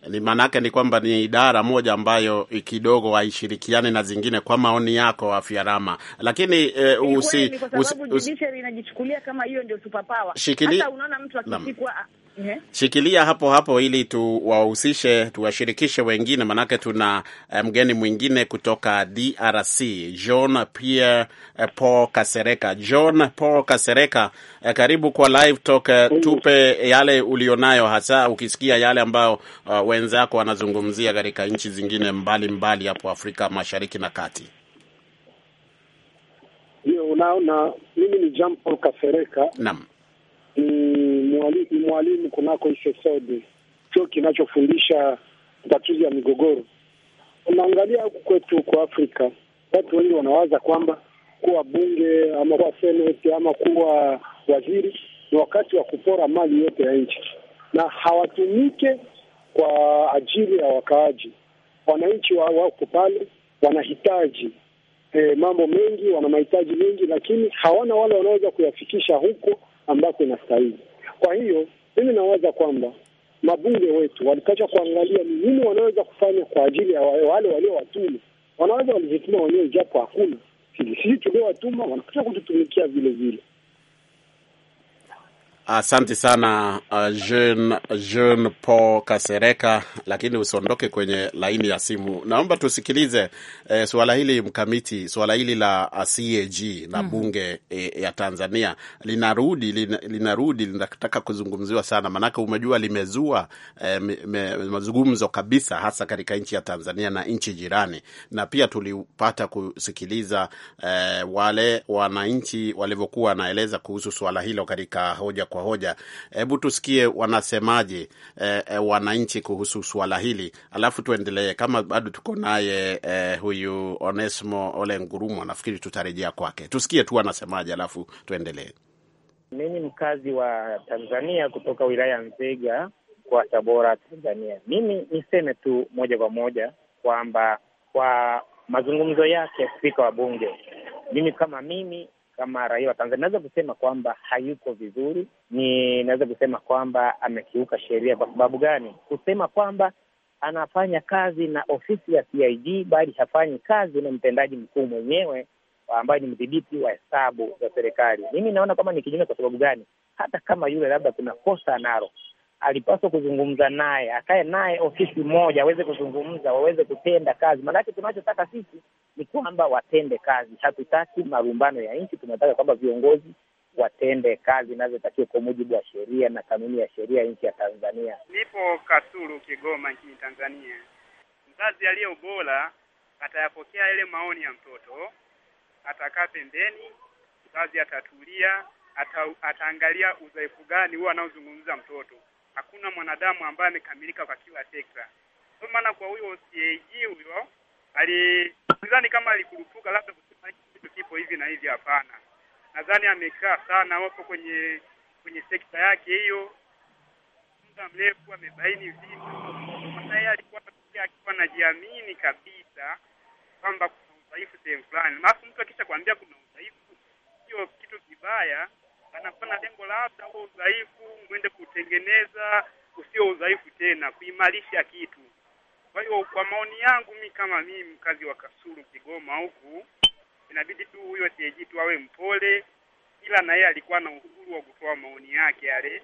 Ni maanake ni kwamba ni idara moja ambayo kidogo haishirikiani na zingine, kwa maoni yako Afya Rama. Lakini eh, usi, usi, usi, usi, inajichukulia kama hiyo ndio superpower. Hata unaona mtu akisikwa yeah. Shikilia hapo hapo ili tuwahusishe, tuwashirikishe wengine, manake tuna eh, mgeni mwingine kutoka DRC, John Pierre eh, Paul Kasereka. John Paul Kasereka, eh, karibu kwa Live Talk. Tupe yale ulionayo, hasa ukisikia yale ambayo uh, wenzako wanazungumzia katika nchi zingine mbalimbali hapo Afrika Mashariki na Kati. Ndio, unaona mimi ni Jean Paul Kasereka. Naam. Mm, ni mwalimu kunako ISESED, chuo kinachofundisha tatuzi ya migogoro. Unaangalia huku kwetu huko Afrika, watu wengi wanawaza kwamba kuwa bunge ama kuwa seneti ama kuwa waziri ni wakati wa kupora mali yote ya nchi na hawatumike kwa ajili ya wakaaji. Wananchi wao wako pale wanahitaji e, mambo mengi, wana mahitaji mengi, lakini hawana wale wanaweza kuyafikisha huko ambako inastahili. Kwa hiyo mimi nawaza kwamba mabunge wetu walipaswa kuangalia ni nini wanaweza kufanya kwa ajili ya wale waliowatuma. Wanaweza walijituma wenyewe, japo hakuna sisi tuliowatuma wanapaswa kututumikia vile vile. Asante sana uh, Jean, Jean Paul Kasereka, lakini usiondoke kwenye laini ya simu. Naomba tusikilize eh, suala hili mkamiti, suala hili la uh, CAG na hmm. bunge eh, ya Tanzania linarudi linarudi linataka kuzungumziwa sana, maanake umejua limezua eh, mazungumzo kabisa, hasa katika nchi ya Tanzania na nchi jirani, na pia tulipata kusikiliza eh, wale wananchi walivyokuwa wanaeleza kuhusu suala hilo katika hoja kwa kwa hoja. Hebu tusikie wanasemaje e, e, wananchi kuhusu suala hili, alafu tuendelee kama bado tuko naye e, huyu Onesmo Ole Ngurumo, nafikiri tutarejea kwake. Tusikie tu wanasemaje, alafu tuendelee. Mi ni mkazi wa Tanzania kutoka wilaya ya Nzega kwa Tabora, Tanzania. Mimi niseme tu moja kwa moja kwamba kwa mazungumzo yake spika wa bunge, mimi kama mimi kama raia wa Tanzania naweza kusema kwamba hayuko vizuri, ni naweza kusema kwamba amekiuka sheria. Kwa sababu gani? Kusema kwamba anafanya kazi na ofisi ya cig bali hafanyi kazi na mtendaji mkuu mwenyewe ambaye ni mdhibiti wa hesabu za serikali. Mimi naona kama ni kinyume. Kwa sababu gani? Hata kama yule labda kuna kosa analo, alipaswa kuzungumza naye, akae naye ofisi moja, aweze kuzungumza, waweze kutenda kazi. Maanake tunachotaka sisi ni kwamba watende kazi. Hatutaki marumbano ya nchi, tunataka kwamba viongozi watende kazi inavyotakiwa kwa mujibu wa sheria na kanuni ya sheria nchi ya Tanzania. Nipo Kasulu, Kigoma, nchini Tanzania. Mzazi aliye ubora atayapokea yale maoni ya mtoto, atakaa pembeni, mzazi atatulia, ata, ataangalia udhaifu gani huwa anaozungumza mtoto hakuna mwanadamu ambaye amekamilika kwa kila sekta. Kwa maana kwa huyo CAG huyo alizani kama alikurupuka labda kusema kitu kipo hivi na hivi, hapana. Nadhani amekaa sana, wapo kwenye kwenye sekta yake hiyo muda mrefu, amebaini vitu yeye alikuwa akiwa anajiamini kabisa kwamba kuna udhaifu sehemu fulani, alafu mtu akisha kwambia kuna udhaifu, sio kitu kibaya. Anafanya lengo labda huo udhaifu mwende kutengeneza usio udhaifu tena, kuimarisha kitu. Kwa hiyo kwa maoni yangu mi kama mimi mkazi wa Kasulu Kigoma huku, inabidi tu huyo CAG tu awe mpole, ila na yeye alikuwa na uhuru wa kutoa maoni yake yale.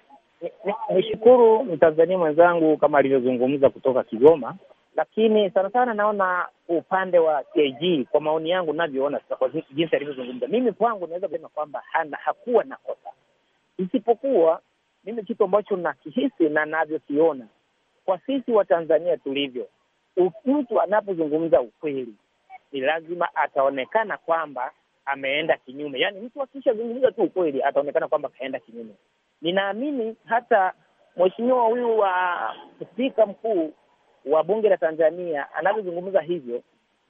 Nishukuru mtanzania mwenzangu kama alivyozungumza kutoka Kigoma lakini sana sana naona upande wa KG kwa maoni yangu navyoona sasa, kwa jinsi alivyozungumza, mimi kwangu naweza kusema kwamba hana hakuwa na kosa, isipokuwa mimi kitu ambacho nakihisi na navyokiona kwa sisi wa tanzania tulivyo, mtu anapozungumza ukweli ni lazima ataonekana kwamba ameenda kinyume. Yaani mtu akishazungumza tu ukweli ataonekana kwamba akaenda kinyume. Ninaamini hata mheshimiwa huyu wa spika mkuu wa bunge la Tanzania anavyozungumza hivyo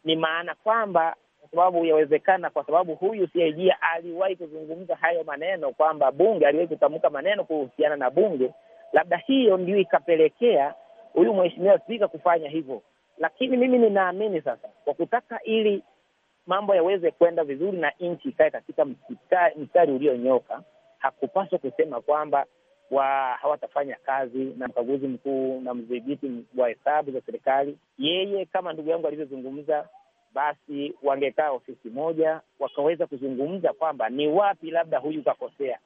ni maana kwamba kwa sababu yawezekana, kwa sababu huyu CIG aliwahi kuzungumza hayo maneno kwamba bunge, aliwahi kutamka maneno kuhusiana na bunge, labda hiyo ndio ikapelekea huyu mheshimiwa spika kufanya hivyo. Lakini mimi ninaamini sasa, kwa kutaka ili mambo yaweze kwenda vizuri na nchi ikae katika mstari ulionyoka hakupaswa kusema kwamba wa hawatafanya kazi na mkaguzi mkuu na mdhibiti wa hesabu za serikali. Yeye kama ndugu yangu alivyozungumza, basi wangekaa ofisi moja wakaweza kuzungumza kwamba ni wapi labda huyu kakosea,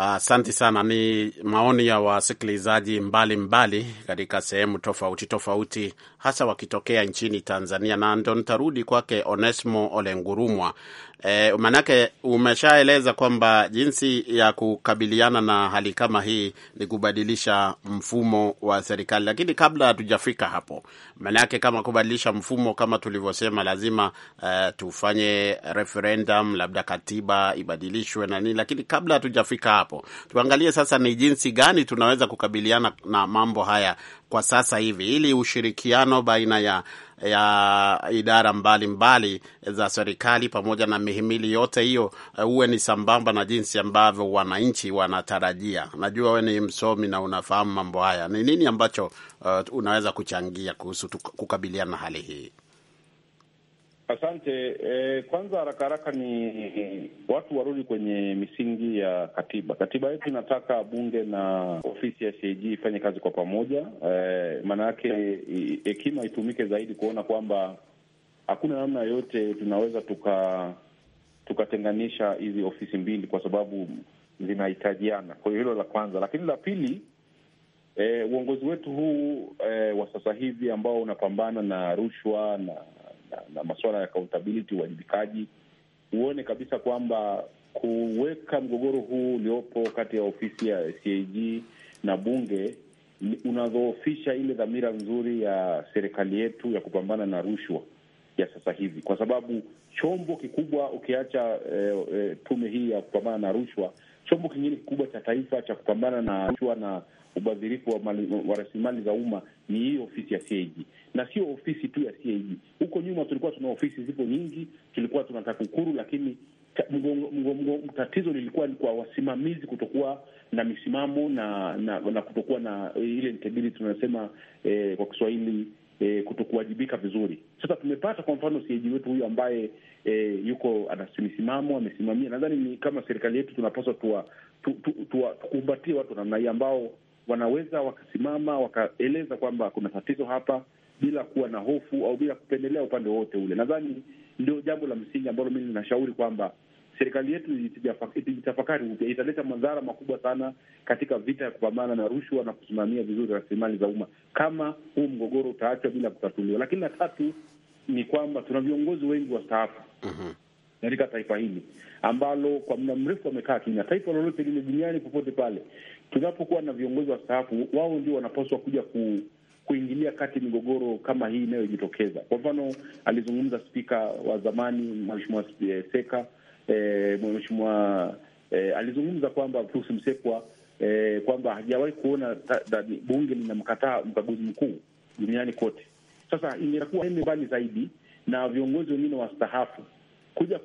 Asante uh, sana. Ni maoni ya wasikilizaji mbalimbali katika sehemu tofauti tofauti, hasa wakitokea nchini Tanzania, na ndo nitarudi kwake Onesmo Olengurumwa. E, maanake umeshaeleza kwamba jinsi ya kukabiliana na hali kama hii ni kubadilisha mfumo wa serikali, lakini kabla hatujafika hapo, maanake kama kubadilisha mfumo kama tulivyosema, lazima uh, tufanye referendum, labda katiba ibadilishwe na nini, lakini kabla hatujafika hapo hapo. Tuangalie sasa ni jinsi gani tunaweza kukabiliana na mambo haya kwa sasa hivi, ili ushirikiano baina ya ya idara mbalimbali mbali za serikali pamoja na mihimili yote hiyo eh, uwe ni sambamba na jinsi ambavyo wananchi wanatarajia. Najua we ni msomi na unafahamu mambo haya, ni nini ambacho uh, unaweza kuchangia kuhusu kukabiliana na hali hii? Asante. E, kwanza haraka haraka ni watu warudi kwenye misingi ya katiba. Katiba yetu inataka bunge na ofisi ya CAG ifanye kazi kwa pamoja. E, maana yake hekima itumike zaidi kuona kwamba hakuna namna yoyote tunaweza tuka tukatenganisha hizi ofisi mbili kwa sababu zinahitajiana. Kwa hiyo hilo la kwanza, lakini la pili e, uongozi wetu huu e, wa sasa hivi ambao unapambana na rushwa na na, na masuala ya accountability, uwajibikaji, huone kabisa kwamba kuweka mgogoro huu uliopo kati ya ofisi ya CAG na bunge unadhoofisha ile dhamira nzuri ya serikali yetu ya kupambana na rushwa ya sasa hivi, kwa sababu chombo kikubwa ukiacha eh, eh, tume hii ya kupambana na rushwa, chombo kingine kikubwa cha taifa cha kupambana na rushwa na ubadhirifu wa, wa rasilimali za umma ni hiyo ofisi ya CAG na sio ofisi tu ya CAG. Huko nyuma tulikuwa tuna ofisi zipo nyingi, tulikuwa tuna TAKUKURU, lakini tatizo lilikuwa ni kwa wasimamizi kutokuwa na misimamo na na, na kutokuwa na eh, ile integri tunasema eh, kwa Kiswahili eh, kutokuwajibika vizuri. Sasa tumepata kwa mfano CAG wetu huyu ambaye eh, yuko ana misimamo amesimamia. Nadhani ni kama serikali yetu tunapaswa tu, tu, tu, tu, tu, watu namna hii ambao wanaweza wakasimama wakaeleza kwamba kuna tatizo hapa bila kuwa na hofu au bila kupendelea upande wowote ule. Nadhani ndio jambo la msingi ambalo mimi ninashauri kwamba serikali yetu itafakari upya, italeta madhara makubwa sana katika vita ya kupambana na rushwa na kusimamia vizuri rasilimali za umma kama huu mgogoro utaachwa bila kutatuliwa. Lakini la tatu ni kwamba tuna viongozi wengi wastaafu mhm. katika taifa hili ambalo kwa muda mrefu wamekaa kimya. Taifa lolote lile duniani, popote pale, tunapokuwa na viongozi wastaafu, wao ndio wanapaswa kuja ku, kuingilia kati migogoro kama hii inayojitokeza. Kwa mfano, alizungumza spika wa zamani mheshimiwa eh, Seka eh, mheshimiwa eh, alizungumza kwamba Bruce Msekwa eh, kwamba hajawahi kuona bunge linamkataa mkaguzi mkuu duniani kote. Sasa ingekuwa mbali zaidi na viongozi wengine wastahafu kuja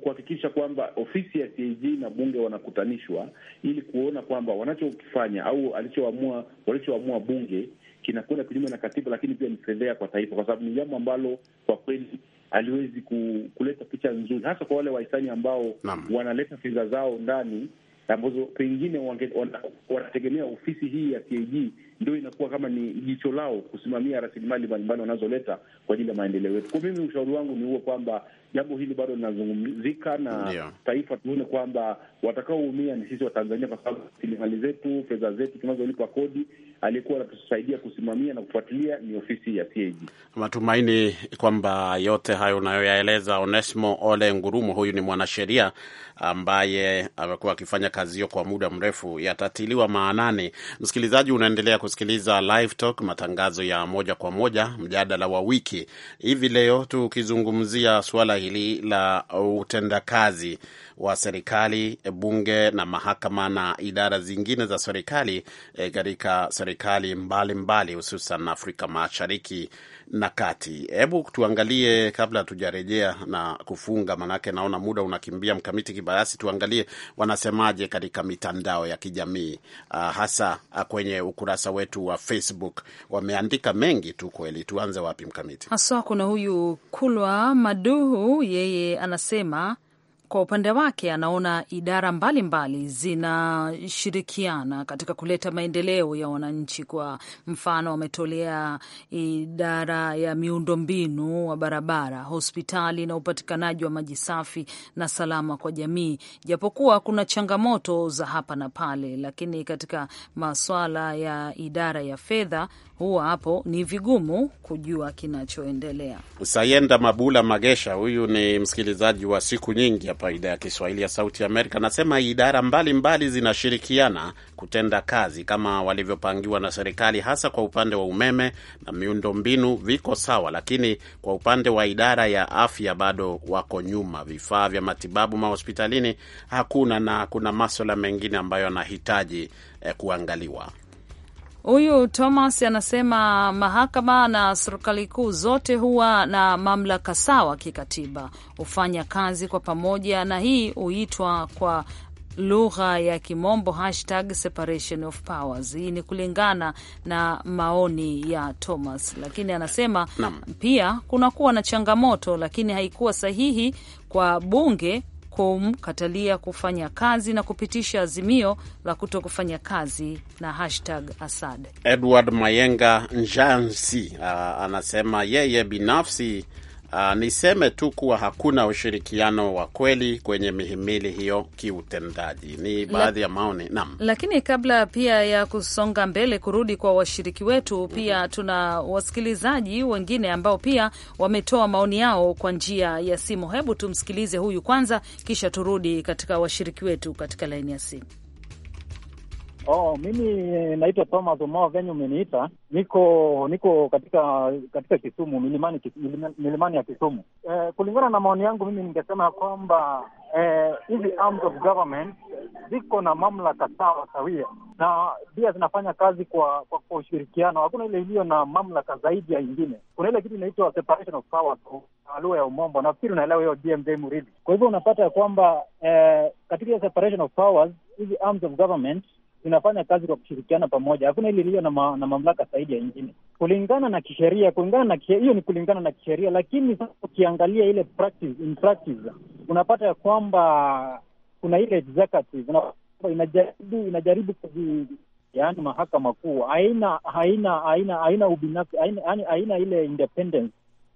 kuhakikisha kwamba ofisi ya CAG na bunge wanakutanishwa ili kuona kwamba wanachokifanya au alichoamua walichoamua bunge kinakwenda kinyume na katiba, lakini pia ni kwa taifa, kwa sababu ni jambo ambalo kwa kweli aliwezi kuleta picha nzuri, hasa kwa wale wahisani ambao wanaleta fedha zao ndani ambazo pengine wanategemea ofisi hii ya CAG ndio inakuwa kama ni jicho lao kusimamia rasilimali mbalimbali wanazoleta kwa ajili ya maendeleo yetu. Kwa mimi ushauri wangu ni huo kwamba jambo hili bado linazungumzika na yeah, taifa tuone kwamba watakaoumia ni sisi Watanzania, kwa sababu rasilimali zetu, fedha zetu tunazolipa kodi aliyekuwa anatusaidia kusimamia na kufuatilia ni ofisi ya CAG. Matumaini kwamba yote hayo unayoyaeleza, Onesmo Ole Ngurumo, huyu ni mwanasheria ambaye amekuwa akifanya kazi hiyo kwa muda mrefu, yatatiliwa maanani. Msikilizaji, unaendelea kusikiliza Live Talk, matangazo ya moja kwa moja, mjadala wa wiki hivi leo, tukizungumzia suala hili la utendakazi wa serikali, eh, bunge na mahakama na idara zingine za serikali e, katika serikali mbalimbali hususan Afrika Mashariki na Kati. Hebu tuangalie kabla tujarejea na kufunga, manake naona muda unakimbia. Mkamiti Kibayasi, tuangalie wanasemaje katika mitandao ya kijamii uh, hasa uh, kwenye ukurasa wetu wa Facebook. Wameandika mengi tu kweli. Tuanze wapi, Mkamiti? Haswa kuna huyu Kulwa Maduhu, yeye anasema kwa upande wake anaona idara mbalimbali zinashirikiana katika kuleta maendeleo ya wananchi. Kwa mfano, wametolea idara ya miundombinu wa barabara, hospitali na upatikanaji wa maji safi na salama kwa jamii, japokuwa kuna changamoto za hapa na pale. Lakini katika maswala ya idara ya fedha huwa hapo ni vigumu kujua kinachoendelea. Sayenda Mabula Magesha, huyu ni msikilizaji wa siku nyingi hapa idhaa ya Kiswahili ya Sauti Amerika, anasema idara mbalimbali zinashirikiana kutenda kazi kama walivyopangiwa na serikali, hasa kwa upande wa umeme na miundo mbinu viko sawa, lakini kwa upande wa idara ya afya bado wako nyuma. Vifaa vya matibabu mahospitalini hakuna, na kuna maswala mengine ambayo anahitaji eh, kuangaliwa. Huyu Thomas anasema mahakama na serikali kuu zote huwa na mamlaka sawa kikatiba, hufanya kazi kwa pamoja, na hii huitwa kwa lugha ya kimombo hashtag separation of powers. Hii ni kulingana na maoni ya Thomas, lakini anasema Nam. pia kunakuwa na changamoto, lakini haikuwa sahihi kwa bunge kumkatalia kufanya kazi na kupitisha azimio la kuto kufanya kazi na hashtag Assad. Edward Mayenga Njansi uh, anasema yeye binafsi Uh, niseme tu kuwa hakuna ushirikiano wa kweli kwenye mihimili hiyo kiutendaji. Ni baadhi ya maoni nam. Lakini kabla pia ya kusonga mbele, kurudi kwa washiriki wetu, pia mm -hmm. tuna wasikilizaji wengine ambao pia wametoa maoni yao kwa njia ya simu. Hebu tumsikilize huyu kwanza, kisha turudi katika washiriki wetu katika laini ya simu. Oh, mimi eh, naitwa Thomas Omoa, venye umeniita. Niko niko katika katika Kisumu, milimani milimani ya Kisumu. Eh, kulingana na maoni yangu mimi ningesema ya kwamba eh, hizi eh, arms of government ziko na mamlaka sawa sawia, na pia zinafanya kazi kwa kwa, kwa ushirikiano. Hakuna ile iliyo na mamlaka zaidi ya ingine. Kuna ile kitu inaitwa separation of powers kwa lugha ya Umombo, nafikiri unaelewa hiyo DMJ Muridi. Kwa hivyo unapata ya kwamba eh, katika hiyo separation of powers hizi arms of government zinafanya kazi kwa kushirikiana pamoja. Hakuna ile iliyo na, ma, na mamlaka zaidi ya ingine kulingana na kisheria, kulingana na hiyo ni kulingana na kisheria. Lakini sasa ukiangalia ile practice, in practice unapata ya kwamba kuna ile executive inajaribu inajaribu yani mahakama kuu haina haina haina haina ubinafsi haina, haina ile independence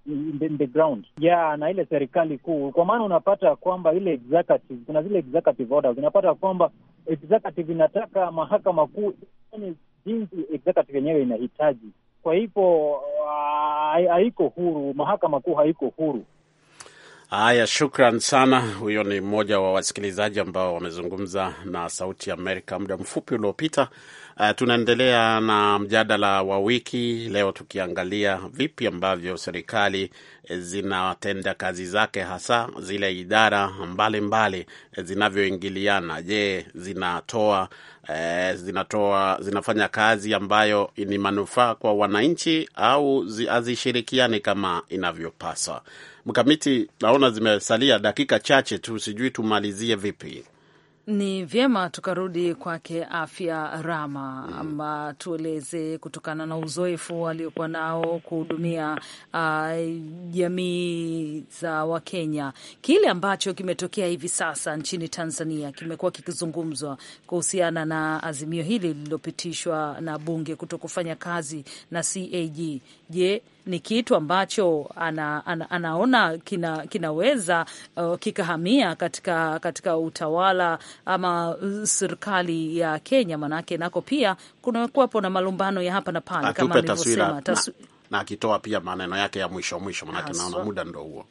in the ground yeah, na ile serikali kuu, kwa maana unapata kwamba ile executive, kuna zile executive orders, unapata kwamba executive inataka mahakama kuu ifanye jinsi executive yenyewe inahitaji. Kwa hivyo uh, haiko huru, mahakama kuu haiko huru. Haya, shukran sana. Huyo ni mmoja wa wasikilizaji ambao wamezungumza na Sauti ya Amerika muda mfupi uliopita. Uh, tunaendelea na mjadala wa wiki leo, tukiangalia vipi ambavyo serikali eh, zinatenda kazi zake, hasa zile idara mbalimbali eh, zinavyoingiliana. Je, zinatoa eh, zinatoa zinafanya kazi ambayo ni manufaa kwa wananchi au hazishirikiani kama inavyopaswa? Mkamiti, naona zimesalia dakika chache tu, sijui tumalizie vipi? Ni vyema tukarudi kwake Afya Rama mm. ama tueleze kutokana na uzoefu aliokuwa nao kuhudumia uh, jamii za Wakenya, kile ambacho kimetokea hivi sasa nchini Tanzania kimekuwa kikizungumzwa kuhusiana na azimio hili lililopitishwa na bunge kuto kufanya kazi na CAG. Je, ni kitu ambacho ana, ana, anaona kina, kinaweza uh, kikahamia katika, katika utawala ama serikali ya Kenya, manake nako pia kunakuwapo na malumbano ya hapa na pale kama nilivyosema, tasu... na akitoa pia maneno yake ya mwisho mwisho, manake naona muda ndo huo.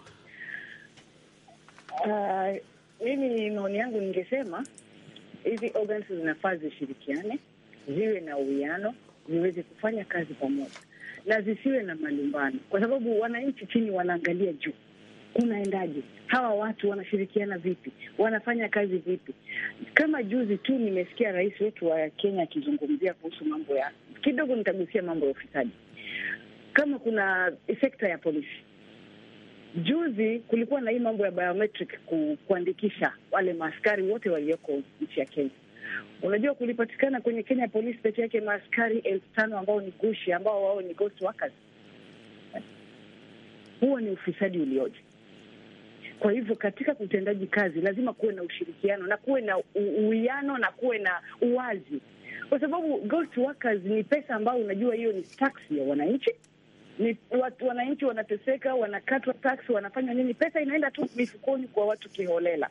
Uh, mimi maoni yangu ningesema hizi organs zinafaa zishirikiane, ziwe na uwiano, ziweze kufanya kazi pamoja na zisiwe na malumbano, kwa sababu wananchi chini wanaangalia juu kunaendaje, hawa watu wanashirikiana vipi, wanafanya kazi vipi? Kama juzi tu nimesikia rais wetu wa Kenya akizungumzia kuhusu mambo ya kidogo, nitagusia mambo ya ufisadi, kama kuna sekta ya polisi Juzi kulikuwa na hii mambo ya biometric ku, kuandikisha wale maaskari wote walioko nchi ya Kenya. Unajua, kulipatikana kwenye Kenya polisi peke yake maaskari elfu tano ambao ni gushi, ambao wao ni ghost workers. Huo ni ufisadi ulioje! Kwa hivyo katika utendaji kazi lazima kuwe na ushirikiano na kuwe na uwiano na kuwe na uwazi, kwa sababu ghost workers ni pesa ambayo unajua hiyo ni tax ya wananchi ni watu wananchi wanateseka, wanakatwa tax, wanafanywa nini? Pesa inaenda tu mifukoni kwa watu kiholela.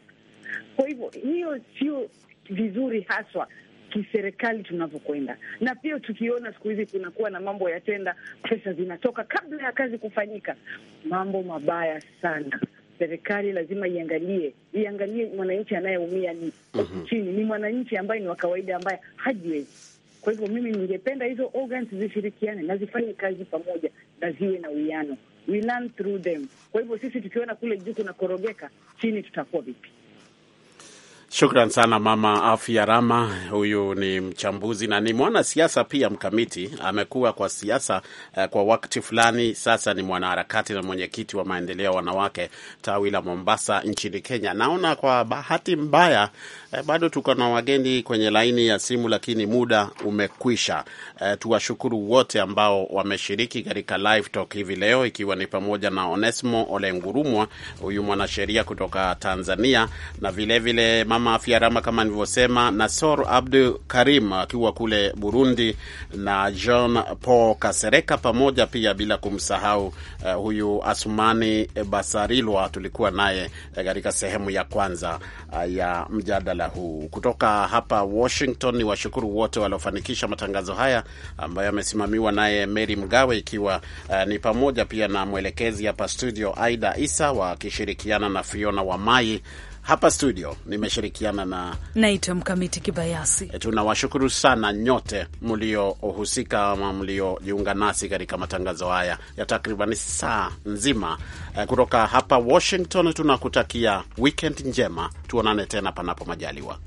Kwa hivyo hiyo sio vizuri haswa kiserikali tunavyokwenda, na pia tukiona siku hizi kunakuwa na mambo ya tenda, pesa zinatoka kabla ya kazi kufanyika, mambo mabaya sana. Serikali lazima iangalie iangalie mwananchi anayeumia ni mm -hmm. chini ni mwananchi ambaye ni wa kawaida ambaye hajiwezi. Kwa hivyo mimi ningependa hizo organs zishirikiane na zifanye kazi pamoja na ziwe na uwiano. We learn through them. Kwa hivyo sisi tukiona kule juu kunakorogeka chini tutakuwa vipi? Shukran sana Mama Afya Rama. Huyu ni mchambuzi na ni mwanasiasa pia, mkamiti amekuwa kwa siasa eh, kwa wakati fulani sasa. Ni mwanaharakati na mwenyekiti wa maendeleo ya wanawake tawi la Mombasa nchini Kenya. Naona kwa bahati mbaya eh, bado tuko na wageni kwenye laini ya simu, lakini muda umekwisha. Eh, tuwashukuru wote ambao wameshiriki katika live talk hivi leo, ikiwa ni pamoja na Onesmo Olengurumwa, huyu mwanasheria kutoka Tanzania na vilevile vile Rama kama nilivyosema, Nasor Abdu Karim akiwa kule Burundi na Jean Paul Kasereka pamoja pia, bila kumsahau uh, huyu Asumani Basarilwa tulikuwa naye eh, katika sehemu ya kwanza uh, ya mjadala huu kutoka hapa Washington. Ni washukuru wote waliofanikisha matangazo haya ambayo yamesimamiwa naye Mary Mgawe, ikiwa uh, ni pamoja pia na mwelekezi hapa studio Aida Isa wakishirikiana na Fiona Wamai. Hapa studio nimeshirikiana na naitwa Mkamiti Kibayasi. E, tunawashukuru sana nyote mliohusika ama mliojiunga nasi katika matangazo haya ya takriban saa nzima e, kutoka hapa Washington. Tunakutakia wkend njema, tuonane tena panapo majaliwa.